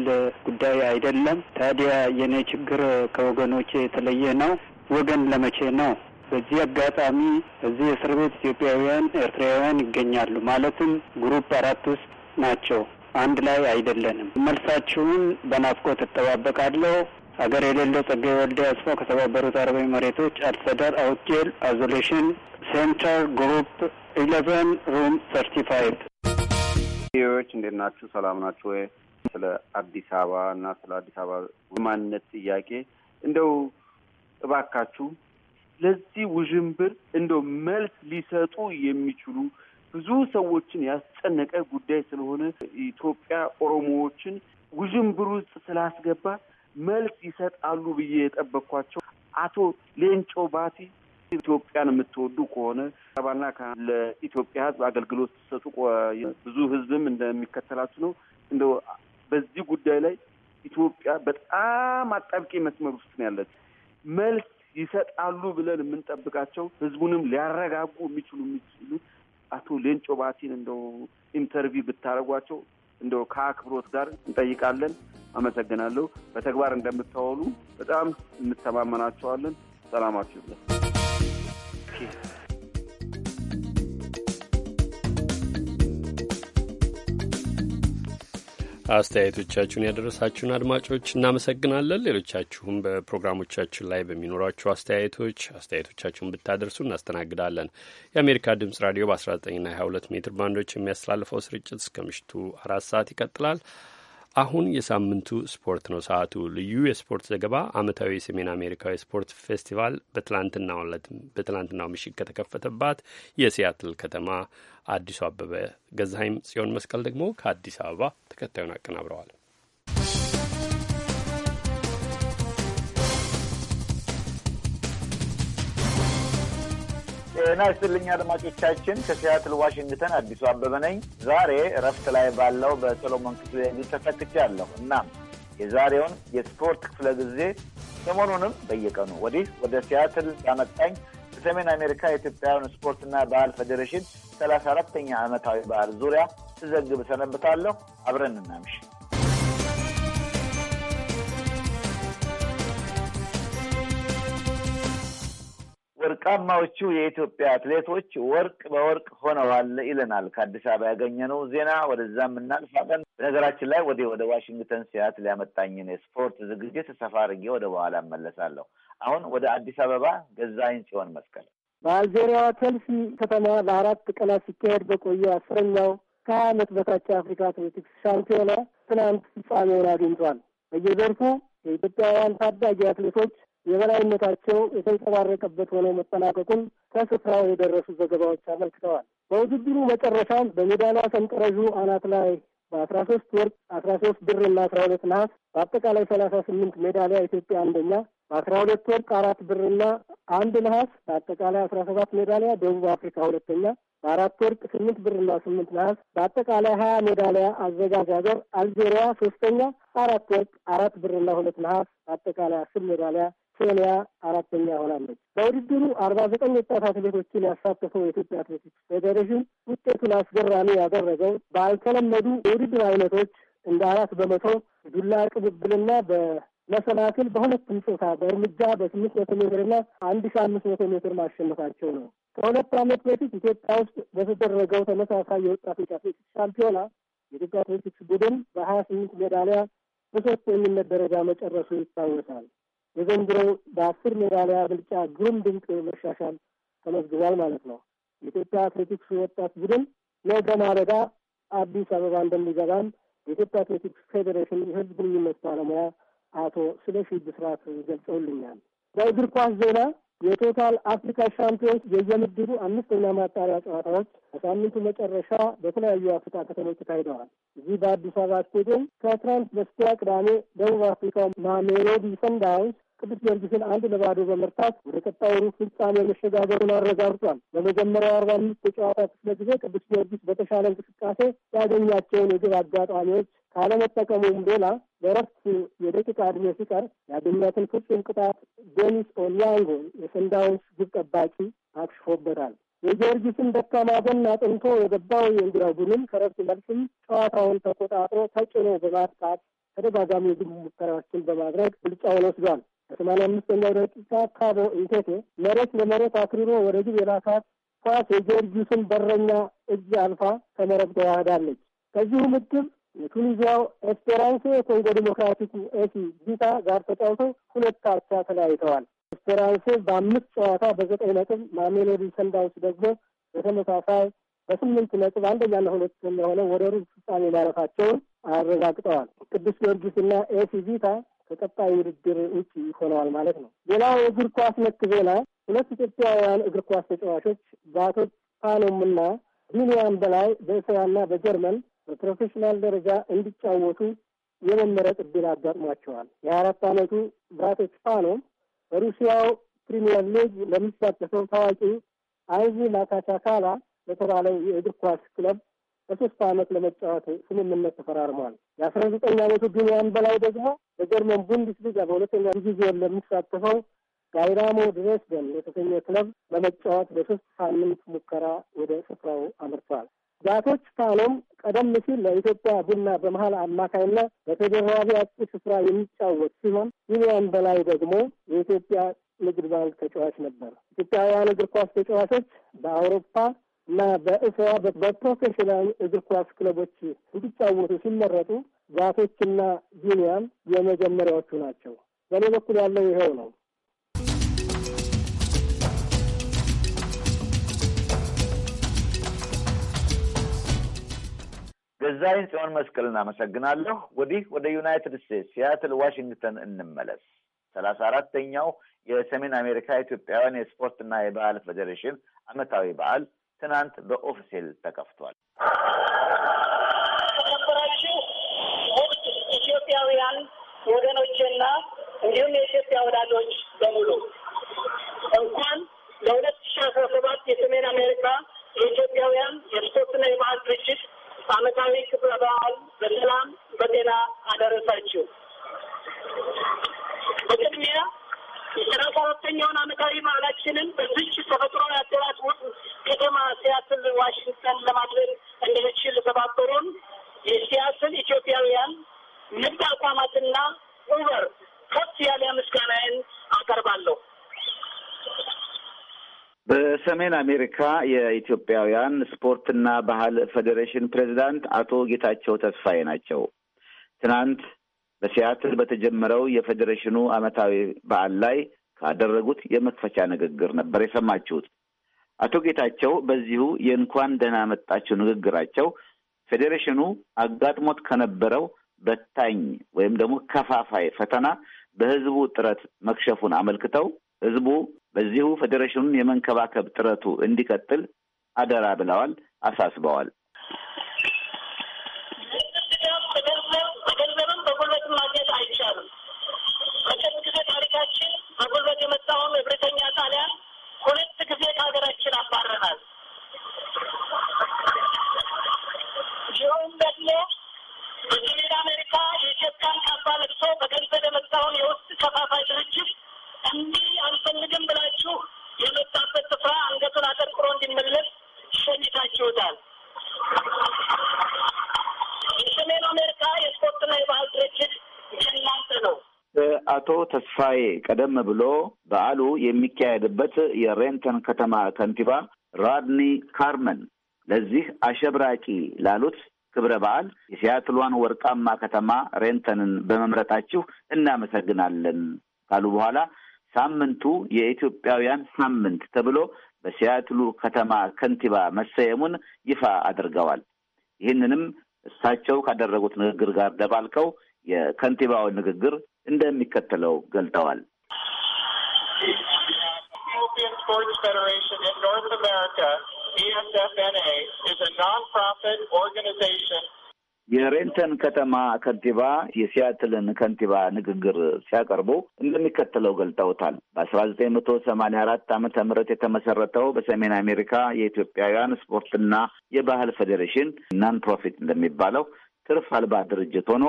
ጉዳይ አይደለም። ታዲያ የእኔ ችግር ከወገኖቼ የተለየ ነው። ወገን ለመቼ ነው? በዚህ አጋጣሚ እዚህ እስር ቤት ኢትዮጵያውያን፣ ኤርትራውያን ይገኛሉ። ማለትም ግሩፕ አራት ውስጥ ናቸው። አንድ ላይ አይደለንም። መልሳችሁን በናፍቆት እጠባበቃለሁ። አገር የሌለው ጸጋዬ ወልደ አጽፋው ከተባበሩት አረብ ኤሚሬቶች አልሰዳር አውትጄል አይዞሌሽን ሴንተር ግሩፕ ኢሌቨን ሩም ሰርቲፋይድ ዎች እንዴት ናችሁ? ሰላም ናችሁ ወይ? ስለ አዲስ አበባ እና ስለ አዲስ አበባ ማንነት ጥያቄ እንደው እባካችሁ ለዚህ ውዥንብር እንደው መልስ ሊሰጡ የሚችሉ ብዙ ሰዎችን ያስጨነቀ ጉዳይ ስለሆነ ኢትዮጵያ ኦሮሞዎችን ውዥንብር ውስጥ ስላስገባ መልስ ይሰጣሉ ብዬ የጠበቅኳቸው አቶ ሌንጮ ባቲ ኢትዮጵያን የምትወዱ ከሆነ ባና ለኢትዮጵያ ሕዝብ አገልግሎት ስትሰጡ ብዙ ሕዝብም እንደሚከተላችሁ ነው። እንደው በዚህ ጉዳይ ላይ ኢትዮጵያ በጣም አጣብቂ መስመር ውስጥ ነው ያለች። መልስ ይሰጣሉ ብለን የምንጠብቃቸው ህዝቡንም ሊያረጋጉ የሚችሉ የሚችሉት አቶ ሌንጮ ባቲን እንደው ኢንተርቪው ብታደረጓቸው እንደው ከአክብሮት ጋር እንጠይቃለን። አመሰግናለሁ። በተግባር እንደምታወሉ በጣም እንተማመናቸዋለን። ሰላማችሁ ይብዛል። Turkey. አስተያየቶቻችሁን ያደረሳችሁን አድማጮች እናመሰግናለን። ሌሎቻችሁም በፕሮግራሞቻችን ላይ በሚኖሯችሁ አስተያየቶች አስተያየቶቻችሁን ብታደርሱ እናስተናግዳለን። የአሜሪካ ድምጽ ራዲዮ በ19ና 22 ሜትር ባንዶች የሚያስተላልፈው ስርጭት እስከ ምሽቱ አራት ሰዓት ይቀጥላል። አሁን የሳምንቱ ስፖርት ነው። ሰዓቱ ልዩ የስፖርት ዘገባ ዓመታዊ የሰሜን አሜሪካዊ ስፖርት ፌስቲቫል በትላንትናው ምሽት ከተከፈተባት የሲያትል ከተማ አዲሱ አበበ ገዛሀይም ጽዮን መስቀል ደግሞ ከአዲስ አበባ ተከታዩን አቀናብረዋል። ጤና ይስጥልኝ አድማጮቻችን። ከሲያትል ዋሽንግተን አዲሱ አበበ ነኝ። ዛሬ እረፍት ላይ ባለው በሰሎሞን ክፍለ ጊዜ ተተክቻለሁ። እናም የዛሬውን የስፖርት ክፍለ ጊዜ ሰሞኑንም በየቀኑ ወዲህ ወደ ሲያትል ያመጣኝ በሰሜን አሜሪካ የኢትዮጵያውያን ስፖርትና ባህል ፌዴሬሽን ሰላሳ አራተኛ ዓመታዊ በዓል ዙሪያ ስዘግብ ሰነብታለሁ። አብረን እናምሽ። ወርቃማዎቹ የኢትዮጵያ አትሌቶች ወርቅ በወርቅ ሆነዋል ይለናል ከአዲስ አበባ ያገኘነው ዜና። ወደዛም እናልፋለን። በነገራችን ላይ ወደ ወደ ዋሽንግተን ሲያትል ያመጣኝን የስፖርት ዝግጅት ሰፋ አድርጌ ወደ በኋላ እመለሳለሁ። አሁን ወደ አዲስ አበባ ገዛኸኝ ጽዮን መስቀል በአልጄሪያዋ ቼልሲ ከተማ ለአራት ቀናት ሲካሄድ በቆየ አስረኛው ከሀያ ዓመት በታች የአፍሪካ አትሌቲክስ ሻምፒዮና ትናንት ፍጻሜውን አግኝቷል። በየዘርፉ የኢትዮጵያውያን ታዳጊ አትሌቶች የበላይነታቸው የተንጸባረቀበት ሆነው መጠናቀቁን ከስፍራው የደረሱ ዘገባዎች አመልክተዋል። በውድድሩ መጨረሻም በሜዳሊያ ሰንጠረዡ አናት ላይ በአስራ ሶስት ወርቅ አስራ ሶስት ብርና አስራ ሁለት ነሐስ በአጠቃላይ ሰላሳ ስምንት ሜዳሊያ ኢትዮጵያ አንደኛ፣ በአስራ ሁለት ወርቅ አራት ብርና አንድ ነሐስ በአጠቃላይ አስራ ሰባት ሜዳሊያ ደቡብ አፍሪካ ሁለተኛ፣ በአራት ወርቅ ስምንት ብርና ስምንት ነሐስ በአጠቃላይ ሀያ ሜዳሊያ አዘጋጅ ሀገር አልጄሪያ ሶስተኛ፣ አራት ወርቅ አራት ብርና ሁለት ነሐስ በአጠቃላይ አስር ሜዳሊያ ኬንያ አራተኛ ሆናለች። በውድድሩ አርባ ዘጠኝ ወጣት አትሌቶችን ያሳተፈው የኢትዮጵያ አትሌቲክስ ፌዴሬሽን ውጤቱን አስገራሚ ያደረገው ባልተለመዱ የውድድር አይነቶች እንደ አራት በመቶ ዱላ ቅብብልና በመሰናክል በሁለቱም ጾታ በእርምጃ በስምንት መቶ ሜትርና አንድ ሺ አምስት መቶ ሜትር ማሸነፋቸው ነው። ከሁለት ዓመት በፊት ኢትዮጵያ ውስጥ በተደረገው ተመሳሳይ የወጣቶች አትሌቲክስ ሻምፒዮና የኢትዮጵያ አትሌቲክስ ቡድን በሀያ ስምንት ሜዳሊያ በሶስተኝነት ደረጃ መጨረሱ ይታወሳል። የዘንድሮው በአስር ሜዳሊያ ብልጫ ግሩም ድንቅ መሻሻል ተመዝግቧል ማለት ነው። የኢትዮጵያ አትሌቲክስ ወጣት ቡድን ነገ ማለዳ አዲስ አበባ እንደሚገባም የኢትዮጵያ አትሌቲክስ ፌዴሬሽን የሕዝብ ግንኙነት ባለሙያ አቶ ስለሺ ብስራት ገልጸውልኛል። በእግር ኳስ ዜና የቶታል አፍሪካ ሻምፒዮንስ የየምድቡ አምስተኛ ማጣሪያ ጨዋታዎች በሳምንቱ መጨረሻ በተለያዩ አፍሪካ ከተሞች ተካሂደዋል። እዚህ በአዲስ አበባ ስቴዲየም ከትናንት በስቲያ ቅዳሜ ደቡብ አፍሪካው ማሜሎዲ ሰንዳውንስ ቅዱስ ጊዮርጊስን አንድ ለባዶ በመርታት ወደ ቀጣዩ ሩብ ፍጻሜ መሸጋገሩን አረጋግጧል። በመጀመሪያው አርባ አምስት የጨዋታ ክፍለ ጊዜ ቅዱስ ጊዮርጊስ በተሻለ እንቅስቃሴ ያገኛቸውን የግብ አጋጣሚዎች ካለመጠቀሙም ሌላ በእረፍት የደቂቃ ዕድሜ ሲቀር ያገኛትን ፍጹም ቅጣት ዴኒስ ኦንያንጎ የሰንዳውንስ ግብ ጠባቂ አክሽፎበታል። የጊዮርጊስን ደካማ ጎን አጥንቶ የገባው የእንግዳው ቡድን ከረፍት መልስም ጨዋታውን ተቆጣጥሮ ተጭኖ በማጥቃት ተደጋጋሚ የግብ ሙከራዎችን በማድረግ ብልጫውን ወስዷል። በሰማንያ አምስተኛው ደቂቃ ካቦ ኢንቴቴ መሬት ለመሬት አክሪሮ ወደ ግብ የላካት ኳስ የጊዮርጊስን በረኛ እጅ አልፋ ከመረብ ተዋህዳለች። ከዚሁ ምድብ የቱኒዚያው ኤስፔራንሴ የኮንጎ ዲሞክራቲኩ ኤሲ ጊታ ጋር ተጫውተው ሁለት አቻ ተለያይተዋል። ኤስፔራንሴ በአምስት ጨዋታ በዘጠኝ ነጥብ ማሜሎዲ ሰንዳውስ ደግሞ በተመሳሳይ በስምንት ነጥብ አንደኛና ሁለተኛ ሆነው ወደ ሩብ ፍጻሜ ማለፋቸውን አረጋግጠዋል። ቅዱስ ጊዮርጊስና ኤሲ ቪታ ከቀጣይ ውድድር ውጭ ሆነዋል ማለት ነው። ሌላው የእግር ኳስ ነክ ዜና ሁለት ኢትዮጵያውያን እግር ኳስ ተጫዋቾች በአቶ ፓኖምና ቢኒያም በላይ በእስያና በጀርመን በፕሮፌሽናል ደረጃ እንዲጫወቱ የመመረጥ እድል አጋጥሟቸዋል። የአራት ዓመቱ ብራቶ ፓኖም በሩሲያው ፕሪሚየር ሊግ ለሚሳተፈው ታዋቂ አይዚ ላካቻካላ ለተባለው የእግር ኳስ ክለብ በሶስት ዓመት ለመጫወት ስምምነት ተፈራርሟል። የአስራ ዘጠኝ ዓመቱ ቢንያም በላይ ደግሞ በጀርመን ቡንደስሊጋ በሁለተኛ ዲቪዚዮን ለሚሳተፈው ጋይራሞ ድሬስደን የተሰኘ ክለብ ለመጫወት በሶስት ሳምንት ሙከራ ወደ ስፍራው አምርቷል። ዳቶች ታኖም ቀደም ሲል ለኢትዮጵያ ቡና በመሀል አማካይና በተደራቢ አጥቂ ስፍራ የሚጫወት ሲሆን ቢንያም በላይ ደግሞ የኢትዮጵያ ንግድ ባንክ ተጫዋች ነበር። ኢትዮጵያውያን እግር ኳስ ተጫዋቾች በአውሮፓ እና በእስያ በፕሮፌሽናል እግር ኳስ ክለቦች እንዲጫወቱ ሲመረጡ ዛቶችና ቢኒያም የመጀመሪያዎቹ ናቸው። በእኔ በኩል ያለው ይኸው ነው። ገዛይን ጽዮን መስቀል እናመሰግናለሁ። ወዲህ ወደ ዩናይትድ ስቴትስ ሲያትል ዋሽንግተን እንመለስ። ሰላሳ አራተኛው የሰሜን አሜሪካ ኢትዮጵያውያን የስፖርትና የባህል ፌዴሬሽን አመታዊ በዓል ትናንት በኦፊሴል ተከፍቷል። የተከበራችሁ ውድ ኢትዮጵያውያን ወገኖቼና እንዲሁም የኢትዮጵያ ወዳጆች በሙሉ እንኳን ለሁለት ሺ አስራ ሰባት የሰሜን አሜሪካ የኢትዮጵያውያን የስፖርትና የባህል ድርጅት ዓመታዊ ክብረ በዓል በሰላም በጤና አደረሳችሁ። በቅድሚያ የሰላሳ አራተኛውን ዓመታዊ በዓላችንን በዚች ተፈጥሮ አደራት ከተማ ሲያትል ዋሽንግተን ለማድረግ እንደችል ተባበሩን የሲያትል ኢትዮጵያውያን ንግድ አቋማትና ኡበር ከፍ ያለ ምስጋናዬን አቀርባለሁ። በሰሜን አሜሪካ የኢትዮጵያውያን ስፖርትና ባህል ፌዴሬሽን ፕሬዚዳንት አቶ ጌታቸው ተስፋዬ ናቸው። ትናንት በሲያትል በተጀመረው የፌዴሬሽኑ ዓመታዊ በዓል ላይ ካደረጉት የመክፈቻ ንግግር ነበር የሰማችሁት። አቶ ጌታቸው በዚሁ የእንኳን ደህና መጣችሁ ንግግራቸው ፌዴሬሽኑ አጋጥሞት ከነበረው በታኝ ወይም ደግሞ ከፋፋይ ፈተና በህዝቡ ጥረት መክሸፉን አመልክተው ህዝቡ በዚሁ ፌዴሬሽኑን የመንከባከብ ጥረቱ እንዲቀጥል አደራ ብለዋል፣ አሳስበዋል። ተስፋዬ ቀደም ብሎ በዓሉ የሚካሄድበት የሬንተን ከተማ ከንቲባ ራድኒ ካርመን ለዚህ አሸብራቂ ላሉት ክብረ በዓል የሲያትሏን ወርቃማ ከተማ ሬንተንን በመምረጣችሁ እናመሰግናለን ካሉ በኋላ ሳምንቱ የኢትዮጵያውያን ሳምንት ተብሎ በሲያትሉ ከተማ ከንቲባ መሰየሙን ይፋ አድርገዋል። ይህንንም እሳቸው ካደረጉት ንግግር ጋር ደባልቀው የከንቲባውን ንግግር እንደሚከተለው ገልጠዋል። e የሬንተን ከተማ ከንቲባ የሲያትልን ከንቲባ ንግግር ሲያቀርቡ እንደሚከተለው ገልጠውታል። በአስራ ዘጠኝ መቶ ሰማኒያ አራት ዓመተ ምህረት የተመሰረተው በሰሜን አሜሪካ የኢትዮጵያውያን ስፖርትና የባህል ፌዴሬሽን ናን ፕሮፊት እንደሚባለው ትርፍ አልባ ድርጅት ሆኖ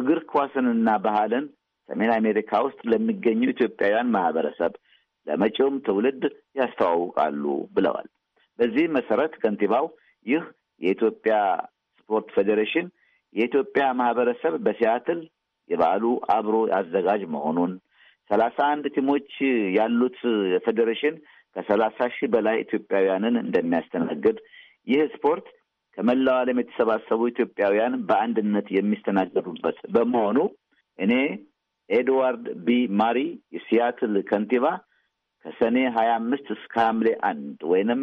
እግር ኳስንና ባህልን ሰሜን አሜሪካ ውስጥ ለሚገኙ ኢትዮጵያውያን ማህበረሰብ ለመጪውም ትውልድ ያስተዋውቃሉ ብለዋል። በዚህ መሰረት ከንቲባው ይህ የኢትዮጵያ ስፖርት ፌዴሬሽን የኢትዮጵያ ማህበረሰብ በሲያትል የበዓሉ አብሮ አዘጋጅ መሆኑን ሰላሳ አንድ ቲሞች ያሉት ፌዴሬሽን ከሰላሳ ሺህ በላይ ኢትዮጵያውያንን እንደሚያስተናግድ ይህ ስፖርት ከመላው ዓለም የተሰባሰቡ ኢትዮጵያውያን በአንድነት የሚስተናገዱበት በመሆኑ እኔ ኤድዋርድ ቢ ማሪ የሲያትል ከንቲባ ከሰኔ ሀያ አምስት እስከ ሐምሌ አንድ ወይንም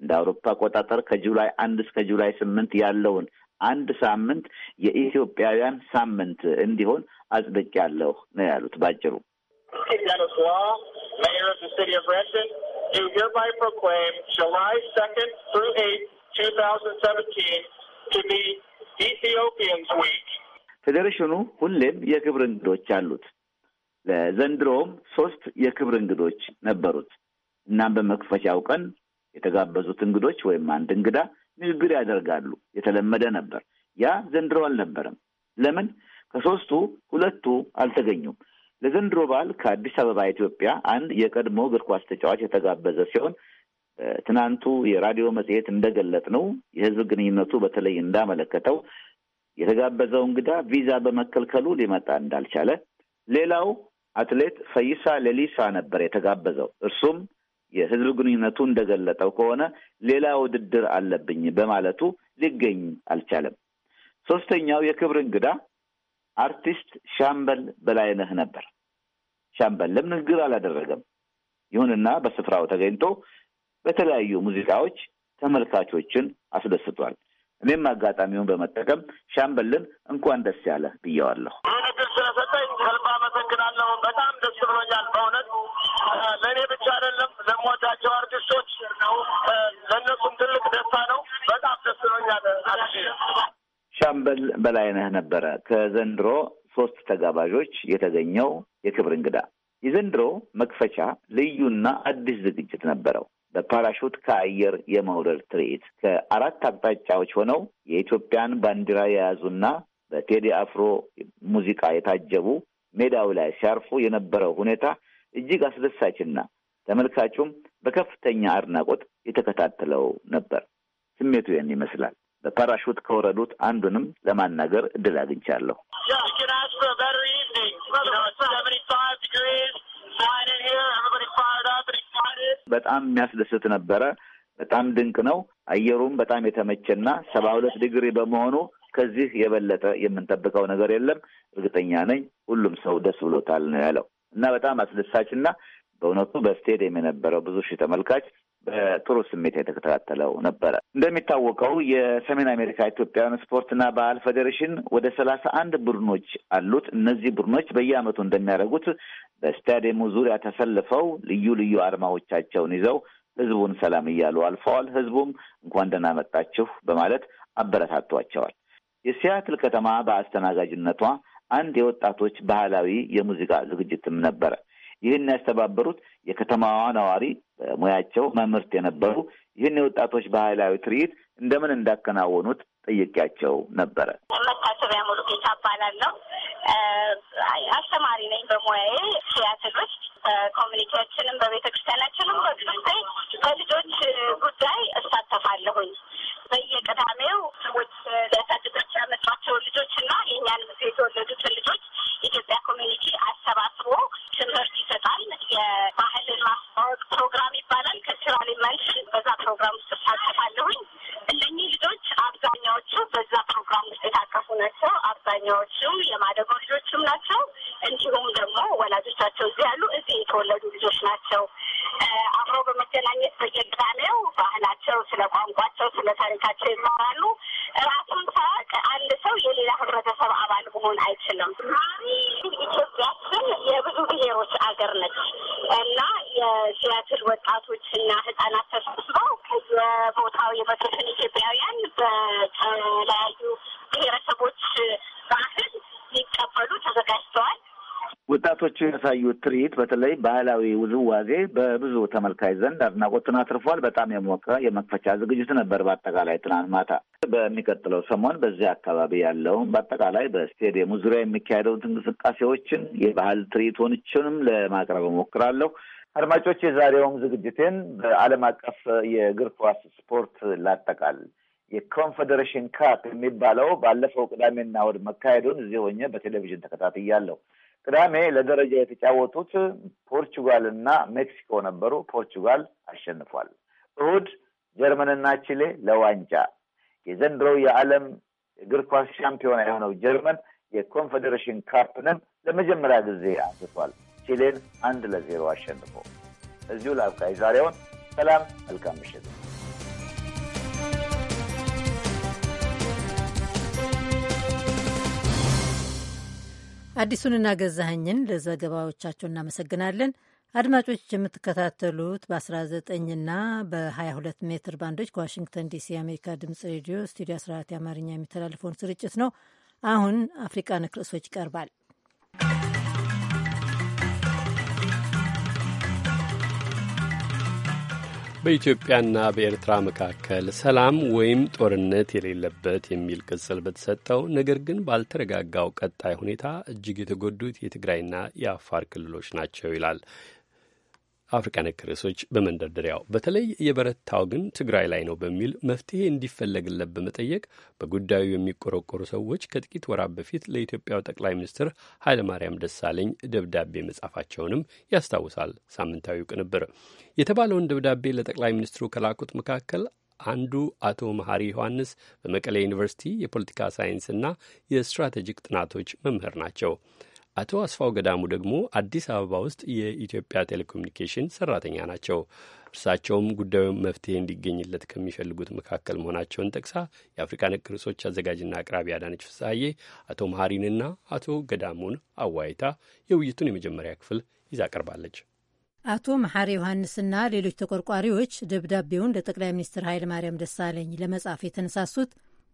እንደ አውሮፓ አቆጣጠር ከጁላይ አንድ እስከ ጁላይ ስምንት ያለውን አንድ ሳምንት የኢትዮጵያውያን ሳምንት እንዲሆን አጽድቄያለሁ ነው ያሉት። ባጭሩ ኢትዮጵያንስ ዊክ ፌዴሬሽኑ ሁሌም የክብር እንግዶች አሉት። ለዘንድሮውም ሶስት የክብር እንግዶች ነበሩት። እናም በመክፈቻው ቀን የተጋበዙት እንግዶች ወይም አንድ እንግዳ ንግግር ያደርጋሉ። የተለመደ ነበር። ያ ዘንድሮ አልነበረም። ለምን? ከሶስቱ ሁለቱ አልተገኙም። ለዘንድሮ በዓል ከአዲስ አበባ ኢትዮጵያ አንድ የቀድሞ እግር ኳስ ተጫዋች የተጋበዘ ሲሆን ትናንቱ የራዲዮ መጽሔት እንደገለጥ ነው የህዝብ ግንኙነቱ በተለይ እንዳመለከተው የተጋበዘው እንግዳ ቪዛ በመከልከሉ ሊመጣ እንዳልቻለ፣ ሌላው አትሌት ፈይሳ ሌሊሳ ነበር የተጋበዘው። እርሱም የህዝብ ግንኙነቱ እንደገለጠው ከሆነ ሌላ ውድድር አለብኝ በማለቱ ሊገኝ አልቻለም። ሶስተኛው የክብር እንግዳ አርቲስት ሻምበል በላይነህ ነበር። ሻምበልም ንግግር አላደረገም። ይሁንና በስፍራው ተገኝቶ በተለያዩ ሙዚቃዎች ተመልካቾችን አስደስቷል። እኔም አጋጣሚውን በመጠቀም ሻምበልን እንኳን ደስ ያለ ብየዋለሁ። ይህ እድል ስለሰጠኝ በጣም ደስ ብሎኛል በእውነት ለእኔ ብቻ አይደለም ለምወዳቸው አርቲስቶች ለእነሱም ትልቅ ደስታ ነው። በጣም ደስ ብሎኛል። ሻምበል በላይነህ ነበረ ከዘንድሮ ሶስት ተጋባዦች የተገኘው የክብር እንግዳ። የዘንድሮ መክፈቻ ልዩና አዲስ ዝግጅት ነበረው። በፓራሹት ከአየር የመውረድ ትርኢት ከአራት አቅጣጫዎች ሆነው የኢትዮጵያን ባንዲራ የያዙና በቴዲ አፍሮ ሙዚቃ የታጀቡ ሜዳው ላይ ሲያርፉ የነበረው ሁኔታ እጅግ አስደሳችና ተመልካቹም በከፍተኛ አድናቆት የተከታተለው ነበር። ስሜቱ ይህን ይመስላል። በፓራሹት ከወረዱት አንዱንም ለማናገር እድል አግኝቻለሁ። በጣም የሚያስደስት ነበረ። በጣም ድንቅ ነው። አየሩም በጣም የተመቸና ሰባ ሁለት ዲግሪ በመሆኑ ከዚህ የበለጠ የምንጠብቀው ነገር የለም። እርግጠኛ ነኝ ሁሉም ሰው ደስ ብሎታል ነው ያለው እና በጣም አስደሳች በእውነቱ በስቴዲየም የነበረው ብዙ ሺህ ተመልካች በጥሩ ስሜት የተከታተለው ነበረ። እንደሚታወቀው የሰሜን አሜሪካ ኢትዮጵያውያን ስፖርትና ባህል ፌዴሬሽን ወደ ሰላሳ አንድ ቡድኖች አሉት። እነዚህ ቡድኖች በየዓመቱ እንደሚያደርጉት በስታዲየሙ ዙሪያ ተሰልፈው ልዩ ልዩ አርማዎቻቸውን ይዘው ህዝቡን ሰላም እያሉ አልፈዋል። ህዝቡም እንኳን ደህና መጣችሁ በማለት አበረታቷቸዋል። የሲያትል ከተማ በአስተናጋጅነቷ አንድ የወጣቶች ባህላዊ የሙዚቃ ዝግጅትም ነበረ። ይህን ያስተባበሩት የከተማዋ ነዋሪ ሙያቸው መምህርት የነበሩ ይህን የወጣቶች ባህላዊ ትርኢት እንደምን እንዳከናወኑት ጠይቄያቸው ነበረ። መታሰቢያ ሙሉ ጌታ እባላለሁ። አስተማሪ ነኝ በሙያዬ ቲያትር ውስጥ በኮሚኒቲያችንም በቤተክርስቲያናችንም በጊዜ በልጆች ጉዳይ እሳተፋለሁኝ። በየቅዳሜው ሰዎች ሊያሳድጓቸው ያመጧቸውን ልጆች እና የእኛን ጊዜ የተወለዱትን ልጆች ኢትዮጵያ ኮሚኒቲ አሰባስቦ ትምህርት ይሰጣል። የባህል ማስታወቅ ፕሮግራም ይባላል። ከስራ ላይ መልስ በዛ ፕሮግራም ውስጥ እሳተፋለሁኝ። እነኚህ ልጆች አብዛኛዎቹ በዛ ፕሮግራም ውስጥ የታቀፉ ናቸው። አብዛኛዎቹ የማደጎ ልጆችም ናቸው። እንዲሁም ደግሞ ወላጆቻቸው እዚህ ያሉ እዚህ የተወለዱ ልጆች ናቸው። አብረው በመገናኘት በየቅዳሜው ባህላቸው፣ ስለ ቋንቋቸው፣ ስለ ታሪካቸው ይማራሉ። ራሱን ሳያውቅ አንድ ሰው የሌላ ህብረተሰብ አባል መሆን አይችልም። ኢትዮጵያ የብዙ ብሔሮች አገር ነች እና የሲያትል ወጣቶችና ህጻናት ተሰብስበው ከየቦታው የመጡትን ኢትዮጵያውያን በተለያዩ ብሔረሰቦች ወጣቶች ያሳዩት ትርኢት በተለይ ባህላዊ ውዝዋዜ በብዙ ተመልካች ዘንድ አድናቆትን አትርፏል። በጣም የሞቀ የመክፈቻ ዝግጅት ነበር። በአጠቃላይ ትናንት ማታ በሚቀጥለው ሰሞን በዚያ አካባቢ ያለውን በአጠቃላይ በስቴዲየሙ ዙሪያ የሚካሄደውን እንቅስቃሴዎችን የባህል ትርኢቶችንም ለማቅረብ እሞክራለሁ። አድማጮች፣ የዛሬውን ዝግጅቴን በዓለም አቀፍ የእግር ኳስ ስፖርት ላጠቃል። የኮንፌዴሬሽን ካፕ የሚባለው ባለፈው ቅዳሜና እሑድ መካሄዱን እዚህ ሆኜ በቴሌቪዥን ተከታትያለሁ። ቅዳሜ ለደረጃ የተጫወቱት ፖርቹጋል እና ሜክሲኮ ነበሩ። ፖርቹጋል አሸንፏል። እሁድ ጀርመንና ቺሌ ለዋንጫ የዘንድሮው የዓለም እግር ኳስ ሻምፒዮና የሆነው ጀርመን የኮንፌዴሬሽን ካፕንም ለመጀመሪያ ጊዜ አንስቷል። ቺሌን አንድ ለዜሮ አሸንፎ እዚሁ ላብቃይ ዛሬውን። ሰላም፣ መልካም ምሽት። አዲሱንና ገዛኸኝን ለዘገባዎቻቸው እናመሰግናለን። አድማጮች የምትከታተሉት በ19ና በ22 ሜትር ባንዶች ከዋሽንግተን ዲሲ የአሜሪካ ድምፅ ሬዲዮ ስቱዲዮ 14 የአማርኛ የሚተላልፈውን ስርጭት ነው። አሁን አፍሪቃ ነክ ርዕሶች ይቀርባል። በኢትዮጵያና በኤርትራ መካከል ሰላም ወይም ጦርነት የሌለበት የሚል ቅጽል በተሰጠው ነገር ግን ባልተረጋጋው ቀጣይ ሁኔታ እጅግ የተጎዱት የትግራይና የአፋር ክልሎች ናቸው ይላል አፍሪቃ ነክ ርዕሶች በመንደርደሪያው በተለይ የበረታው ግን ትግራይ ላይ ነው በሚል መፍትሄ እንዲፈለግለት በመጠየቅ በጉዳዩ የሚቆረቆሩ ሰዎች ከጥቂት ወራት በፊት ለኢትዮጵያው ጠቅላይ ሚኒስትር ኃይለማርያም ደሳለኝ ደብዳቤ መጻፋቸውንም ያስታውሳል ሳምንታዊ ቅንብር። የተባለውን ደብዳቤ ለጠቅላይ ሚኒስትሩ ከላኩት መካከል አንዱ አቶ መሐሪ ዮሐንስ በመቀሌ ዩኒቨርሲቲ የፖለቲካ ሳይንስና የስትራቴጂክ ጥናቶች መምህር ናቸው። አቶ አስፋው ገዳሙ ደግሞ አዲስ አበባ ውስጥ የኢትዮጵያ ቴሌኮሙኒኬሽን ሰራተኛ ናቸው። እርሳቸውም ጉዳዩ መፍትሄ እንዲገኝለት ከሚፈልጉት መካከል መሆናቸውን ጠቅሳ የአፍሪካ ነክ ርዕሶች አዘጋጅና አቅራቢ አዳነች ፍሳዬ አቶ መሀሪንና አቶ ገዳሙን አዋይታ የውይይቱን የመጀመሪያ ክፍል ይዛ ቀርባለች። አቶ መሐሪ ዮሐንስና ሌሎች ተቆርቋሪዎች ደብዳቤውን ለጠቅላይ ሚኒስትር ማርያም ደሳለኝ ለመጻፍ የተነሳሱት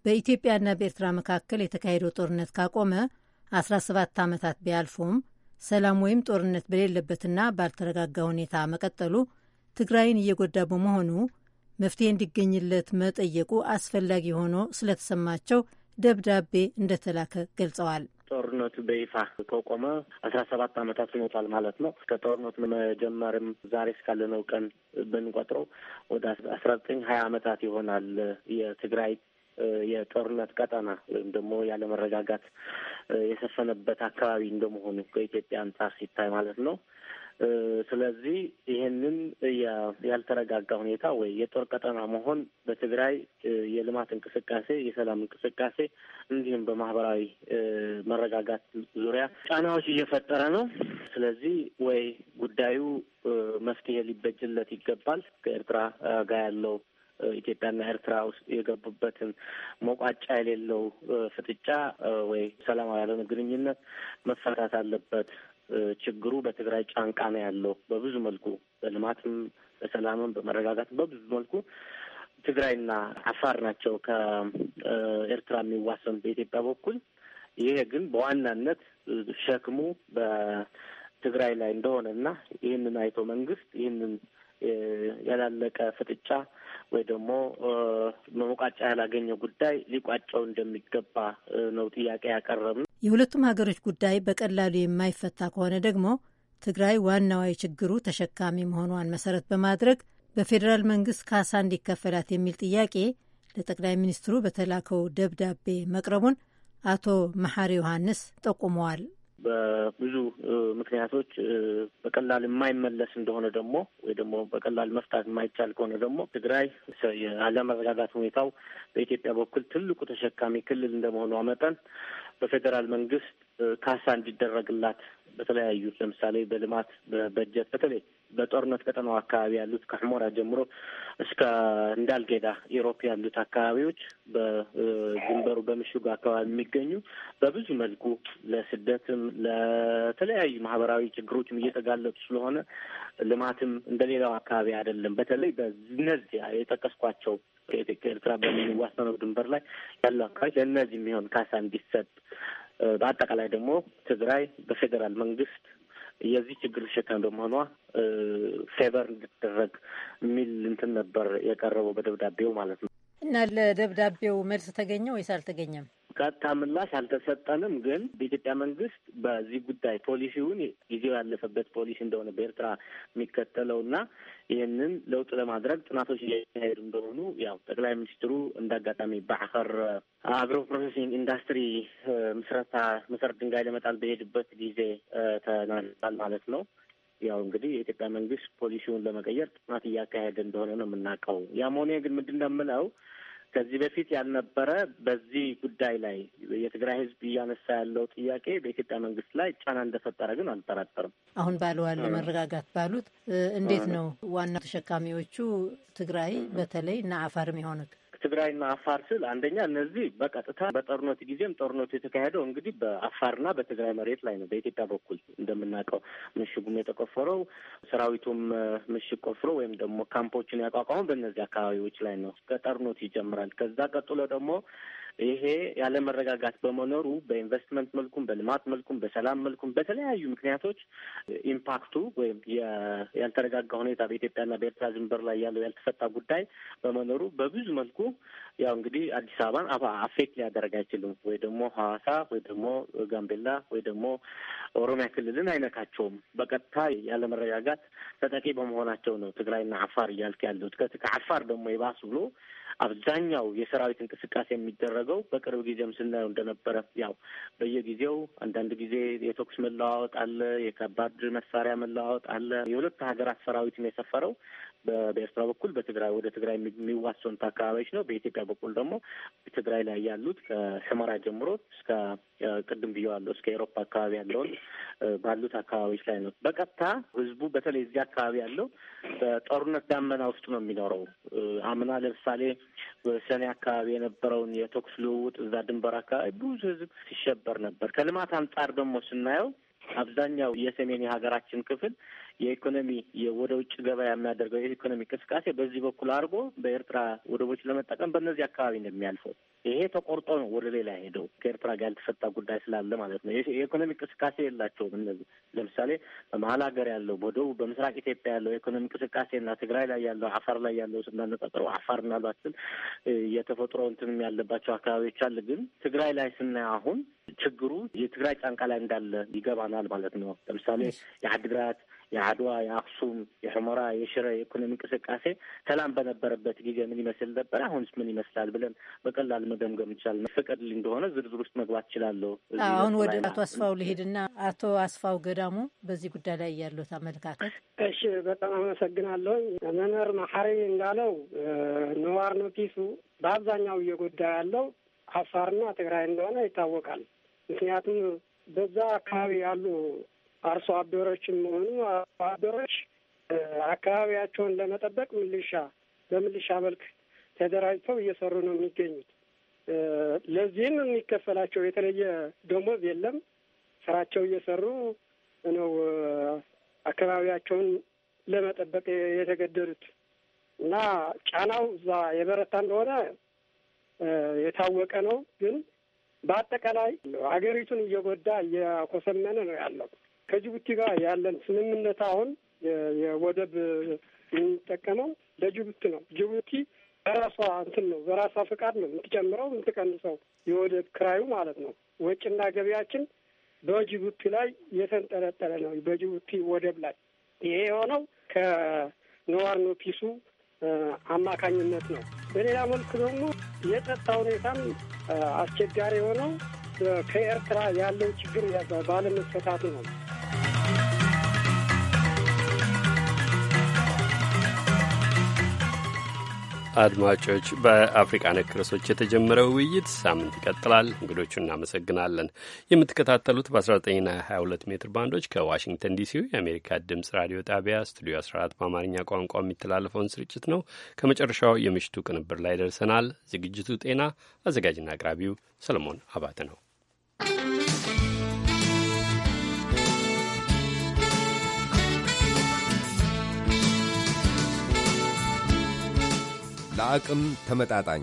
በኢትዮጵያና በኤርትራ መካከል የተካሄደው ጦርነት ካቆመ 17 ዓመታት ቢያልፉም ሰላም ወይም ጦርነት በሌለበትና ባልተረጋጋ ሁኔታ መቀጠሉ ትግራይን እየጎዳ በመሆኑ መፍትሄ እንዲገኝለት መጠየቁ አስፈላጊ ሆኖ ስለተሰማቸው ደብዳቤ እንደተላከ ገልጸዋል። ጦርነቱ በይፋ ከቆመ አስራ ሰባት ዓመታት ይሞታል ማለት ነው። ከጦርነቱ መጀመርም ዛሬ እስካለነው ቀን ብንቆጥረው ወደ አስራ ዘጠኝ ሀያ ዓመታት ይሆናል የትግራይ የጦርነት ቀጠና ወይም ደግሞ ያለመረጋጋት የሰፈነበት አካባቢ እንደመሆኑ ከኢትዮጵያ አንጻር ሲታይ ማለት ነው። ስለዚህ ይህንን ያልተረጋጋ ሁኔታ ወይ የጦር ቀጠና መሆን በትግራይ የልማት እንቅስቃሴ፣ የሰላም እንቅስቃሴ እንዲሁም በማህበራዊ መረጋጋት ዙሪያ ጫናዎች እየፈጠረ ነው። ስለዚህ ወይ ጉዳዩ መፍትሄ ሊበጅለት ይገባል ከኤርትራ ጋር ያለው ኢትዮጵያና ኤርትራ ውስጥ የገቡበትን መቋጫ የሌለው ፍጥጫ ወይ ሰላማዊ ያልሆነ ግንኙነት መፈታት አለበት። ችግሩ በትግራይ ጫንቃ ነው ያለው። በብዙ መልኩ በልማትም፣ በሰላምም፣ በመረጋጋት በብዙ መልኩ ትግራይና አፋር ናቸው ከኤርትራ የሚዋሰኑ በኢትዮጵያ በኩል። ይሄ ግን በዋናነት ሸክሙ በትግራይ ላይ እንደሆነ እና ይህንን አይቶ መንግስት ይህንን ያላለቀ ፍጥጫ ወይ ደግሞ መሞቃጫ ያላገኘ ጉዳይ ሊቋጨው እንደሚገባ ነው ጥያቄ ያቀረብነው። የሁለቱም ሀገሮች ጉዳይ በቀላሉ የማይፈታ ከሆነ ደግሞ ትግራይ ዋናዋ የችግሩ ተሸካሚ መሆኗን መሰረት በማድረግ በፌዴራል መንግስት ካሳ እንዲከፈላት የሚል ጥያቄ ለጠቅላይ ሚኒስትሩ በተላከው ደብዳቤ መቅረቡን አቶ መሐሪ ዮሐንስ ጠቁመዋል። በብዙ ምክንያቶች በቀላል የማይመለስ እንደሆነ ደግሞ ወይ ደግሞ በቀላል መፍታት የማይቻል ከሆነ ደግሞ ትግራይ የአለመረጋጋት ሁኔታው በኢትዮጵያ በኩል ትልቁ ተሸካሚ ክልል እንደመሆኗ መጠን በፌዴራል መንግስት ካሳ እንዲደረግላት በተለያዩ ለምሳሌ በልማት በበጀት በተለይ በጦርነት ቀጠናው አካባቢ ያሉት ከሑመራ ጀምሮ እስከ እንዳልጌዳ ኢሮፕ ያሉት አካባቢዎች በድንበሩ በምሽጉ አካባቢ የሚገኙ በብዙ መልኩ ለስደትም ለተለያዩ ማህበራዊ ችግሮችም እየተጋለጡ ስለሆነ ልማትም እንደሌላው አካባቢ አይደለም። በተለይ በነዚያ የጠቀስኳቸው ከኢትዮጵያ ኤርትራ በሚዋሰነው ድንበር ላይ ያሉ አካባቢዎች ለእነዚህ የሚሆን ካሳ እንዲሰጥ፣ በአጠቃላይ ደግሞ ትግራይ በፌዴራል መንግስት የዚህ ችግር ሸታ በመሆኗ ፌቨር እንድትደረግ የሚል እንትን ነበር የቀረበው በደብዳቤው ማለት ነው። እና ለደብዳቤው መልስ ተገኘ ወይስ አልተገኘም? ቀጥታ ምላሽ አልተሰጠንም። ግን በኢትዮጵያ መንግስት በዚህ ጉዳይ ፖሊሲውን ጊዜው ያለፈበት ፖሊሲ እንደሆነ በኤርትራ የሚከተለው የሚከተለውና ይህንን ለውጥ ለማድረግ ጥናቶች እያካሄዱ እንደሆኑ ያው ጠቅላይ ሚኒስትሩ እንዳጋጣሚ በአኸር አግሮ ፕሮሴሲንግ ኢንዱስትሪ ምስረታ መሰረት ድንጋይ ለመጣል በሄድበት ጊዜ ተናግሯል ማለት ነው። ያው እንግዲህ የኢትዮጵያ መንግስት ፖሊሲውን ለመቀየር ጥናት እያካሄደ እንደሆነ ነው የምናውቀው። ያም ሆነ ግን ምንድን ነው የምለው ከዚህ በፊት ያልነበረ በዚህ ጉዳይ ላይ የትግራይ ህዝብ እያነሳ ያለው ጥያቄ በኢትዮጵያ መንግስት ላይ ጫና እንደፈጠረ ግን አልጠራጠርም። አሁን ባለዋል መረጋጋት ባሉት እንዴት ነው ዋና ተሸካሚዎቹ ትግራይ በተለይ እና አፋርም የሆነ ትግራይና አፋር ስል አንደኛ እነዚህ በቀጥታ በጦርነቱ ጊዜም ጦርነቱ የተካሄደው እንግዲህ በአፋርና በትግራይ መሬት ላይ ነው። በኢትዮጵያ በኩል እንደምናውቀው ምሽጉም የተቆፈረው ሰራዊቱም ምሽግ ቆፍሮ ወይም ደግሞ ካምፖችን ያቋቋሙ በእነዚህ አካባቢዎች ላይ ነው። ከጦርነቱ ይጀምራል። ከዛ ቀጥሎ ደግሞ ይሄ ያለመረጋጋት በመኖሩ በኢንቨስትመንት መልኩም በልማት መልኩም በሰላም መልኩም በተለያዩ ምክንያቶች ኢምፓክቱ ወይም ያልተረጋጋ ሁኔታ በኢትዮጵያና በኤርትራ ድንበር ላይ ያለው ያልተፈታ ጉዳይ በመኖሩ በብዙ መልኩ ያው እንግዲህ አዲስ አበባን አባ አፌክት ሊያደረግ አይችልም ወይ ደግሞ ሐዋሳ ወይ ደግሞ ጋምቤላ ወይ ደግሞ ኦሮሚያ ክልልን አይነካቸውም። በቀጥታ ያለመረጋጋት ተጠቂ በመሆናቸው ነው ትግራይና አፋር እያልክ ያለው ከአፋር ደግሞ የባስ ብሎ አብዛኛው የሰራዊት እንቅስቃሴ የሚደረገው በቅርብ ጊዜም ስናየው እንደነበረ ያው በየጊዜው አንዳንድ ጊዜ የተኩስ መለዋወጥ አለ፣ የከባድ መሳሪያ መለዋወጥ አለ። የሁለቱ ሀገራት ሰራዊት የሰፈረው። በኤርትራ በኩል በትግራይ ወደ ትግራይ የሚዋሰኑት አካባቢዎች ነው። በኢትዮጵያ በኩል ደግሞ ትግራይ ላይ ያሉት ከሕመራ ጀምሮ እስከ ቅድም ብዬዋለሁ እስከ ኤሮፓ አካባቢ ያለውን ባሉት አካባቢዎች ላይ ነው። በቀጥታ ህዝቡ በተለይ እዚህ አካባቢ ያለው በጦርነት ዳመና ውስጥ ነው የሚኖረው። አምና ለምሳሌ በሰኔ አካባቢ የነበረውን የተኩስ ልውውጥ እዛ ድንበር አካባቢ ብዙ ህዝብ ሲሸበር ነበር። ከልማት አንጻር ደግሞ ስናየው አብዛኛው የሰሜን የሀገራችን ክፍል የኢኮኖሚ ወደ ውጭ ገበያ የሚያደርገው የኢኮኖሚ እንቅስቃሴ በዚህ በኩል አድርጎ በኤርትራ ወደቦች ለመጠቀም በእነዚህ አካባቢ እንደሚያልፈው ይሄ ተቆርጦ ነው ወደ ሌላ ሄደው ከኤርትራ ጋር ያልተፈታ ጉዳይ ስላለ ማለት ነው። የኢኮኖሚ እንቅስቃሴ የላቸውም። እነዚህ ለምሳሌ በመሀል ሀገር ያለው በደቡብ በምስራቅ ኢትዮጵያ ያለው የኢኮኖሚ እንቅስቃሴ እና ትግራይ ላይ ያለው አፋር ላይ ያለው ስናነጻጽረው አፋር ምናልባትም የተፈጥሮ እንትንም ያለባቸው አካባቢዎች አለ። ግን ትግራይ ላይ ስናይ አሁን ችግሩ የትግራይ ጫንቃ ላይ እንዳለ ይገባናል ማለት ነው። ለምሳሌ የአድግራት የአድዋ፣ የአክሱም፣ የሑመራ፣ የሽረ የኢኮኖሚ እንቅስቃሴ ሰላም በነበረበት ጊዜ ምን ይመስል ነበር፣ አሁንስ ምን ይመስላል ብለን በቀላል መገምገም ይቻል። ፍቀድልኝ እንደሆነ ዝርዝር ውስጥ መግባት እችላለሁ። አሁን ወደ አቶ አስፋው ልሄድና አቶ አስፋው ገዳሙ በዚህ ጉዳይ ላይ ያለት አመለካከት። እሺ፣ በጣም አመሰግናለሁ። መምህር መሐሪ እንዳለው ነዋር ኖቲሱ በአብዛኛው እየጎዳ ያለው አፋርና ትግራይ እንደሆነ ይታወቃል። ምክንያቱም በዛ አካባቢ ያሉ አርሶ አደሮችም ሆኑ አርሶ አደሮች አካባቢያቸውን ለመጠበቅ ሚሊሻ በሚሊሻ መልክ ተደራጅተው እየሰሩ ነው የሚገኙት። ለዚህም የሚከፈላቸው የተለየ ደሞዝ የለም። ስራቸው እየሰሩ ነው አካባቢያቸውን ለመጠበቅ የተገደዱት እና ጫናው እዛ የበረታ እንደሆነ የታወቀ ነው። ግን በአጠቃላይ ሀገሪቱን እየጎዳ እያኮሰመነ ነው ያለው። ከጅቡቲ ጋር ያለን ስምምነት አሁን የወደብ የምንጠቀመው ለጅቡቲ ነው። ጅቡቲ በራሷ እንትን ነው በራሷ ፈቃድ ነው የምትጨምረው የምትቀንሰው የወደብ ክራዩ ማለት ነው። ወጪና ገቢያችን በጅቡቲ ላይ የተንጠለጠለ ነው፣ በጅቡቲ ወደብ ላይ። ይሄ የሆነው ከነዋር ፒሱ አማካኝነት ነው። በሌላ መልክ ደግሞ የጸጥታ ሁኔታም አስቸጋሪ የሆነው ከኤርትራ ያለው ችግር ባለመፈታቱ ነው። አድማጮች በአፍሪቃ ነክ ርዕሶች የተጀመረው ውይይት ሳምንት ይቀጥላል። እንግዶቹ እናመሰግናለን። የምትከታተሉት በ19ና 22 ሜትር ባንዶች ከዋሽንግተን ዲሲው የአሜሪካ ድምፅ ራዲዮ ጣቢያ ስቱዲዮ 14 በአማርኛ ቋንቋ የሚተላለፈውን ስርጭት ነው። ከመጨረሻው የምሽቱ ቅንብር ላይ ደርሰናል። ዝግጅቱ ጤና፣ አዘጋጅና አቅራቢው ሰለሞን አባተ ነው። ለአቅም ተመጣጣኝ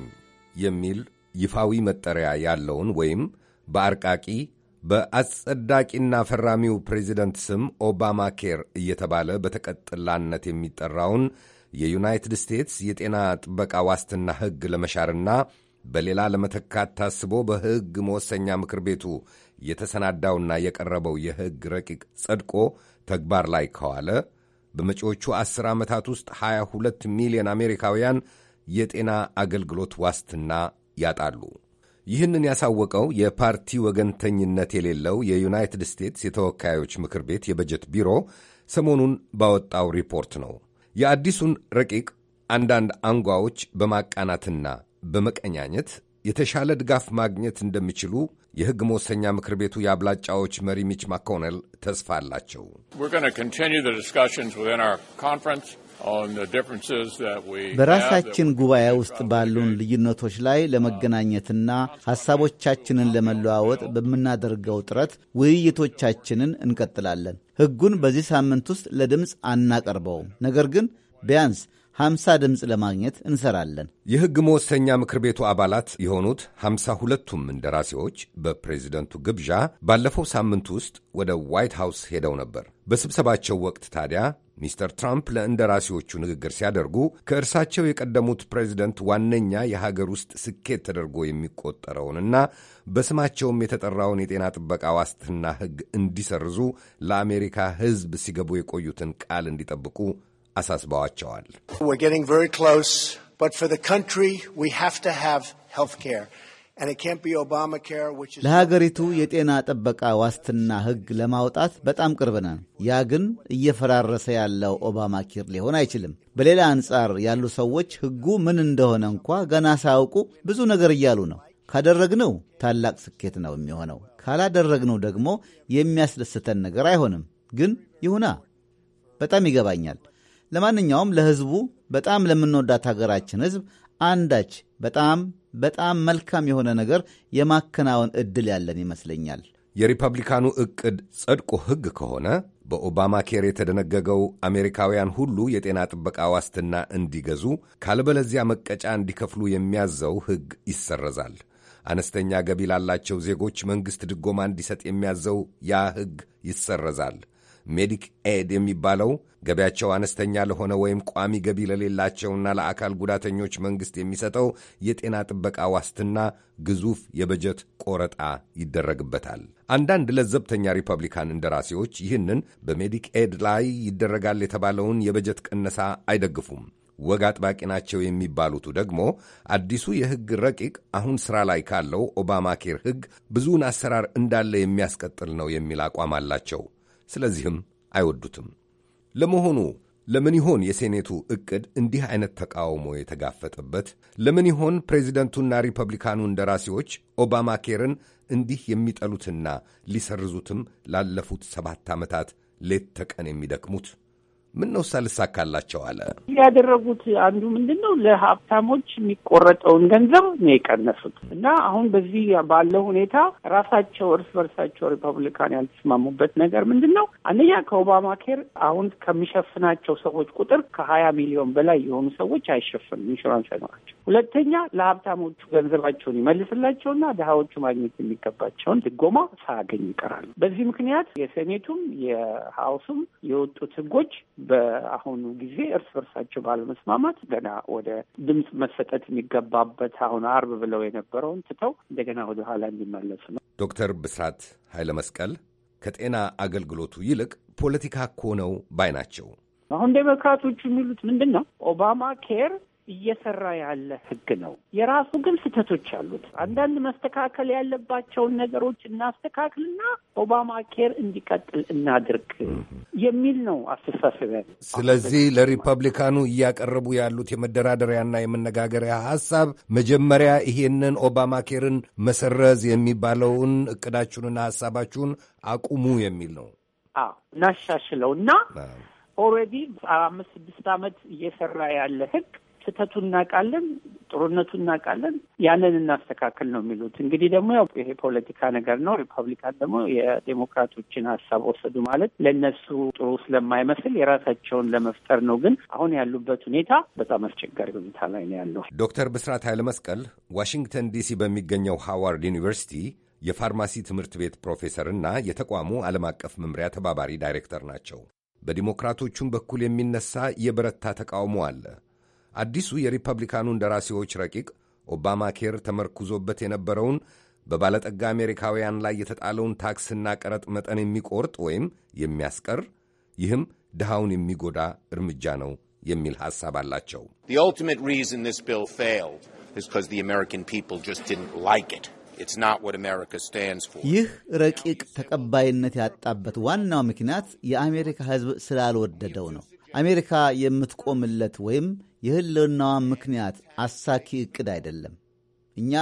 የሚል ይፋዊ መጠሪያ ያለውን ወይም በአርቃቂ በአጸዳቂና ፈራሚው ፕሬዚደንት ስም ኦባማ ኬር እየተባለ በተቀጥላነት የሚጠራውን የዩናይትድ ስቴትስ የጤና ጥበቃ ዋስትና ሕግ ለመሻርና በሌላ ለመተካት ታስቦ በሕግ መወሰኛ ምክር ቤቱ የተሰናዳውና የቀረበው የሕግ ረቂቅ ጸድቆ ተግባር ላይ ከዋለ በመጪዎቹ ዐሥር ዓመታት ውስጥ 22 ሚሊዮን አሜሪካውያን የጤና አገልግሎት ዋስትና ያጣሉ። ይህንን ያሳወቀው የፓርቲ ወገንተኝነት የሌለው የዩናይትድ ስቴትስ የተወካዮች ምክር ቤት የበጀት ቢሮ ሰሞኑን ባወጣው ሪፖርት ነው። የአዲሱን ረቂቅ አንዳንድ አንጓዎች በማቃናትና በመቀኛኘት የተሻለ ድጋፍ ማግኘት እንደሚችሉ የሕግ መወሰኛ ምክር ቤቱ የአብላጫዎች መሪ ሚች ማኮነል ተስፋ አላቸው። በራሳችን ጉባኤ ውስጥ ባሉን ልዩነቶች ላይ ለመገናኘትና ሐሳቦቻችንን ለመለዋወጥ በምናደርገው ጥረት ውይይቶቻችንን እንቀጥላለን። ሕጉን በዚህ ሳምንት ውስጥ ለድምፅ አናቀርበውም፣ ነገር ግን ቢያንስ 50 ድምፅ ለማግኘት እንሰራለን። የሕግ መወሰኛ ምክር ቤቱ አባላት የሆኑት 52 ሁለቱም እንደራሴዎች በፕሬዚደንቱ ግብዣ ባለፈው ሳምንት ውስጥ ወደ ዋይት ሃውስ ሄደው ነበር። በስብሰባቸው ወቅት ታዲያ ሚስተር ትራምፕ ለእንደራሴዎቹ ንግግር ሲያደርጉ ከእርሳቸው የቀደሙት ፕሬዚደንት ዋነኛ የሀገር ውስጥ ስኬት ተደርጎ የሚቆጠረውንና በስማቸውም የተጠራውን የጤና ጥበቃ ዋስትና ሕግ እንዲሰርዙ ለአሜሪካ ሕዝብ ሲገቡ የቆዩትን ቃል እንዲጠብቁ አሳስበዋቸዋል። ለሀገሪቱ የጤና ጥበቃ ዋስትና ሕግ ለማውጣት በጣም ቅርብ ነን። ያ ግን እየፈራረሰ ያለው ኦባማ ኪር ሊሆን አይችልም። በሌላ አንጻር ያሉ ሰዎች ሕጉ ምን እንደሆነ እንኳ ገና ሳያውቁ ብዙ ነገር እያሉ ነው። ካደረግነው ታላቅ ስኬት ነው የሚሆነው። ካላደረግነው ደግሞ የሚያስደስተን ነገር አይሆንም። ግን ይሁና። በጣም ይገባኛል ለማንኛውም ለህዝቡ በጣም ለምንወዳት ሀገራችን ህዝብ አንዳች በጣም በጣም መልካም የሆነ ነገር የማከናወን እድል ያለን ይመስለኛል። የሪፐብሊካኑ ዕቅድ ጸድቆ ሕግ ከሆነ በኦባማ ኬር የተደነገገው አሜሪካውያን ሁሉ የጤና ጥበቃ ዋስትና እንዲገዙ ካልበለዚያ መቀጫ እንዲከፍሉ የሚያዘው ሕግ ይሰረዛል። አነስተኛ ገቢ ላላቸው ዜጎች መንግሥት ድጎማ እንዲሰጥ የሚያዘው ያ ሕግ ይሰረዛል። ሜዲክ ኤድ የሚባለው ገቢያቸው አነስተኛ ለሆነ ወይም ቋሚ ገቢ ለሌላቸውና ለአካል ጉዳተኞች መንግሥት የሚሰጠው የጤና ጥበቃ ዋስትና ግዙፍ የበጀት ቆረጣ ይደረግበታል። አንዳንድ ለዘብተኛ ሪፐብሊካን እንደራሴዎች ይህንን በሜዲክ ኤድ ላይ ይደረጋል የተባለውን የበጀት ቅነሳ አይደግፉም። ወግ አጥባቂ ናቸው የሚባሉቱ ደግሞ አዲሱ የሕግ ረቂቅ አሁን ሥራ ላይ ካለው ኦባማ ኬር ሕግ ብዙውን አሰራር እንዳለ የሚያስቀጥል ነው የሚል አቋም አላቸው። ስለዚህም አይወዱትም። ለመሆኑ ለምን ይሆን የሴኔቱ ዕቅድ እንዲህ አይነት ተቃውሞ የተጋፈጠበት? ለምን ይሆን ፕሬዚደንቱና ሪፐብሊካኑ እንደራሴዎች ኦባማ ኬርን እንዲህ የሚጠሉትና ሊሰርዙትም ላለፉት ሰባት ዓመታት ሌት ተቀን የሚደክሙት? ምን ነው ሳልሳካላቸው አለ። ያደረጉት አንዱ ምንድን ነው ለሀብታሞች የሚቆረጠውን ገንዘብ ነው የቀነሱት እና አሁን በዚህ ባለው ሁኔታ ራሳቸው እርስ በርሳቸው ሪፐብሊካን ያልተስማሙበት ነገር ምንድን ነው? አንደኛ ከኦባማ ኬር አሁን ከሚሸፍናቸው ሰዎች ቁጥር ከሀያ ሚሊዮን በላይ የሆኑ ሰዎች አይሸፍንም፣ ኢንሹራንስ አይኖራቸው። ሁለተኛ ለሀብታሞቹ ገንዘባቸውን ይመልስላቸውና ድሀዎቹ ማግኘት የሚገባቸውን ድጎማ ሳያገኝ ይቀራሉ። በዚህ ምክንያት የሴኔቱም የሀውሱም የወጡት ህጎች በአሁኑ ጊዜ እርስ በርሳቸው ባለመስማማት ገና ወደ ድምፅ መሰጠት የሚገባበት አሁን አርብ ብለው የነበረውን ትተው እንደገና ወደ ኋላ እንዲመለሱ ነው። ዶክተር ብስራት ኃይለ መስቀል ከጤና አገልግሎቱ ይልቅ ፖለቲካ እኮ ነው ባይ ናቸው። አሁን ዴሞክራቶቹ የሚሉት ምንድን ነው? ኦባማ ኬር እየሰራ ያለ ህግ ነው። የራሱ ግን ስህተቶች አሉት። አንዳንድ መስተካከል ያለባቸውን ነገሮች እናስተካክልና ኦባማ ኬር እንዲቀጥል እናድርግ የሚል ነው አስተሳሰብ። ስለዚህ ለሪፐብሊካኑ እያቀረቡ ያሉት የመደራደሪያና የመነጋገሪያ ሀሳብ መጀመሪያ ይሄንን ኦባማ ኬርን መሰረዝ የሚባለውን እቅዳችሁንና ሀሳባችሁን አቁሙ የሚል ነው። እናሻሽለው እና ኦልሬዲ አምስት ስድስት ዓመት እየሰራ ያለ ህግ ስህተቱን እናውቃለን፣ ጥሩነቱን እናውቃለን፣ ያንን እናስተካክል ነው የሚሉት። እንግዲህ ደግሞ ያው ይሄ ፖለቲካ ነገር ነው። ሪፐብሊካን ደግሞ የዴሞክራቶችን ሀሳብ ወሰዱ ማለት ለእነሱ ጥሩ ስለማይመስል የራሳቸውን ለመፍጠር ነው። ግን አሁን ያሉበት ሁኔታ በጣም አስቸጋሪ ሁኔታ ላይ ነው ያለው። ዶክተር ብስራት ኃይለ መስቀል ዋሽንግተን ዲሲ በሚገኘው ሃዋርድ ዩኒቨርሲቲ የፋርማሲ ትምህርት ቤት ፕሮፌሰር እና የተቋሙ ዓለም አቀፍ መምሪያ ተባባሪ ዳይሬክተር ናቸው። በዲሞክራቶቹም በኩል የሚነሳ የበረታ ተቃውሞ አለ። አዲሱ የሪፐብሊካኑ እንደራሴዎች ረቂቅ ኦባማ ኬር ተመርኩዞበት የነበረውን በባለጠጋ አሜሪካውያን ላይ የተጣለውን ታክስና ቀረጥ መጠን የሚቆርጥ ወይም የሚያስቀር ይህም ድሃውን የሚጎዳ እርምጃ ነው የሚል ሐሳብ አላቸው። ይህ ረቂቅ ተቀባይነት ያጣበት ዋናው ምክንያት የአሜሪካ ሕዝብ ስላልወደደው ነው። አሜሪካ የምትቆምለት ወይም የህልውናዋ ምክንያት አሳኪ እቅድ አይደለም። እኛ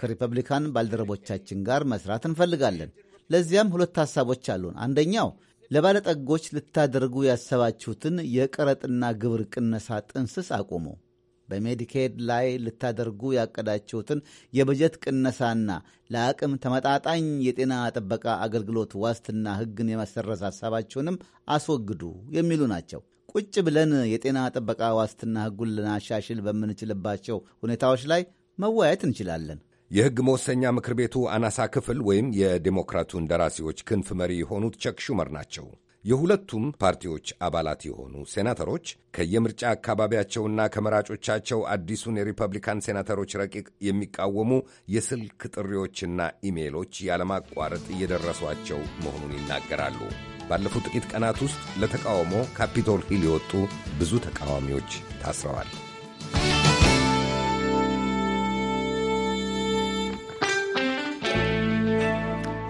ከሪፐብሊካን ባልደረቦቻችን ጋር መስራት እንፈልጋለን። ለዚያም ሁለት ሐሳቦች አሉን። አንደኛው ለባለጠጎች ልታደርጉ ያሰባችሁትን የቀረጥና ግብር ቅነሳ ጥንስስ አቁሙ። በሜዲኬድ ላይ ልታደርጉ ያቀዳችሁትን የበጀት ቅነሳና ለአቅም ተመጣጣኝ የጤና ጥበቃ አገልግሎት ዋስትና ሕግን የመሰረዝ ሐሳባችሁንም አስወግዱ የሚሉ ናቸው። ቁጭ ብለን የጤና ጥበቃ ዋስትና ሕጉን ልናሻሽል በምንችልባቸው ሁኔታዎች ላይ መወያየት እንችላለን። የሕግ መወሰኛ ምክር ቤቱ አናሳ ክፍል ወይም የዴሞክራቱ እንደራሴዎች ክንፍ መሪ የሆኑት ቸክ ሹመር ናቸው። የሁለቱም ፓርቲዎች አባላት የሆኑ ሴናተሮች ከየምርጫ አካባቢያቸውና ከመራጮቻቸው አዲሱን የሪፐብሊካን ሴናተሮች ረቂቅ የሚቃወሙ የስልክ ጥሪዎችና ኢሜሎች ያለማቋረጥ እየደረሷቸው መሆኑን ይናገራሉ። ባለፉት ጥቂት ቀናት ውስጥ ለተቃውሞ ካፒቶል ሂል የወጡ ብዙ ተቃዋሚዎች ታስረዋል።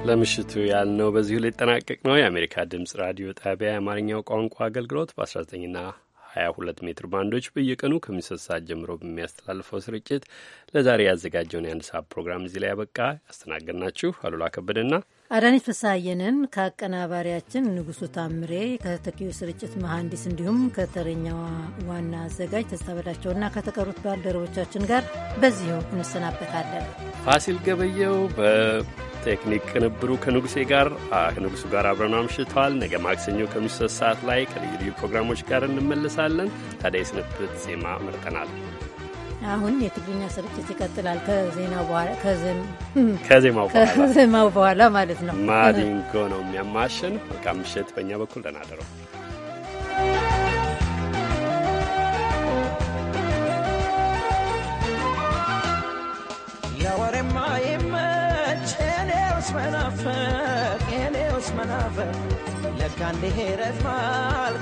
ለምሽቱ ያልነው በዚሁ ሊጠናቀቅ ነው። የአሜሪካ ድምፅ ራዲዮ ጣቢያ የአማርኛው ቋንቋ አገልግሎት በ19ና 22 ሜትር ባንዶች በየቀኑ ከሚሰት ሰዓት ጀምሮ በሚያስተላልፈው ስርጭት ለዛሬ ያዘጋጀውን የአንድ ሰዓት ፕሮግራም እዚህ ላይ ያበቃ። ያስተናገድናችሁ አሉላ ከበደና አዳነች ፍስሐዬንን ከአቀናባሪያችን ንጉሱ ታምሬ ከተኪው ስርጭት መሐንዲስ እንዲሁም ከተረኛዋ ዋና አዘጋጅ ተስታበላቸውና ከተቀሩት ባልደረቦቻችን ጋር በዚሁ እንሰናበታለን። ፋሲል ገበየው በቴክኒክ ቅንብሩ ከንጉሴ ጋር ከንጉሱ ጋር አብረን አምሽተዋል። ነገ ማክሰኞ ከምሽቱ ሰዓት ላይ ከልዩ ልዩ ፕሮግራሞች ጋር እንመልሳለን። ታዲያ የስንብት ዜማ መርጠናል። አሁን የትግርኛ ስርጭት ይቀጥላል። ከዜማው በኋላ ማለት ነው። ማዲንጎ ነው የሚያማሽን። መልካም ምሽት በእኛ በኩል ደናደረው Candy hair as well,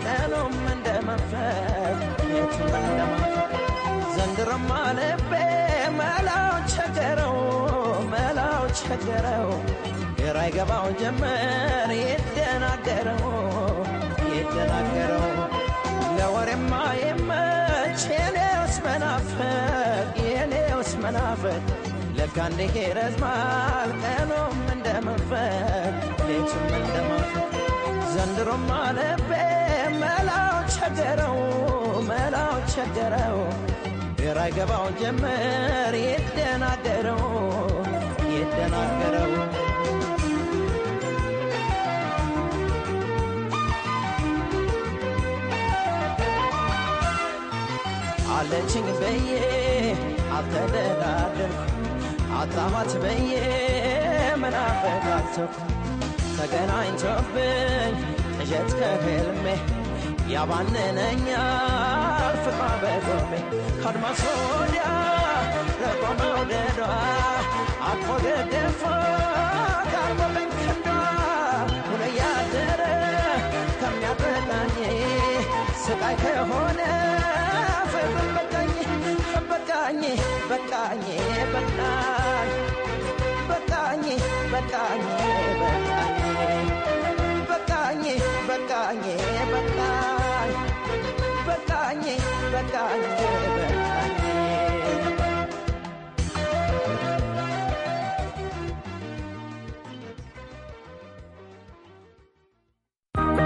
ዘንድሮማ ልቤ መላው ቸገረው መላው ቸገረው ግራ ይገባው ጀመር የደናገረው የደናገረው ለወሬማ የመች የኔውስ መናፈቅ የኔውስ መናፈቅ ለካ እንዲህ ይረዝማል ቀኑም እንደ ሌቱም እንደ ዘንድሮማ ልቤ መላው ቸገረው መላው ቸገረው ግራ ይገባው ጀመር የደናገረው የደናገረው አለችኝ በዬ አታማት በየ በዬ ምናፈቃቸው ተገናኝቶብኝ እሸት ከህልሜ ያባነነኛ fipá bẹ̀rù mi kọ́dùmọ́sọ ọ̀dà rẹ̀pọ̀nà ọ̀dẹ̀dọ̀ àkọ́gẹ́dẹ́ fọ́ rakkaanjee.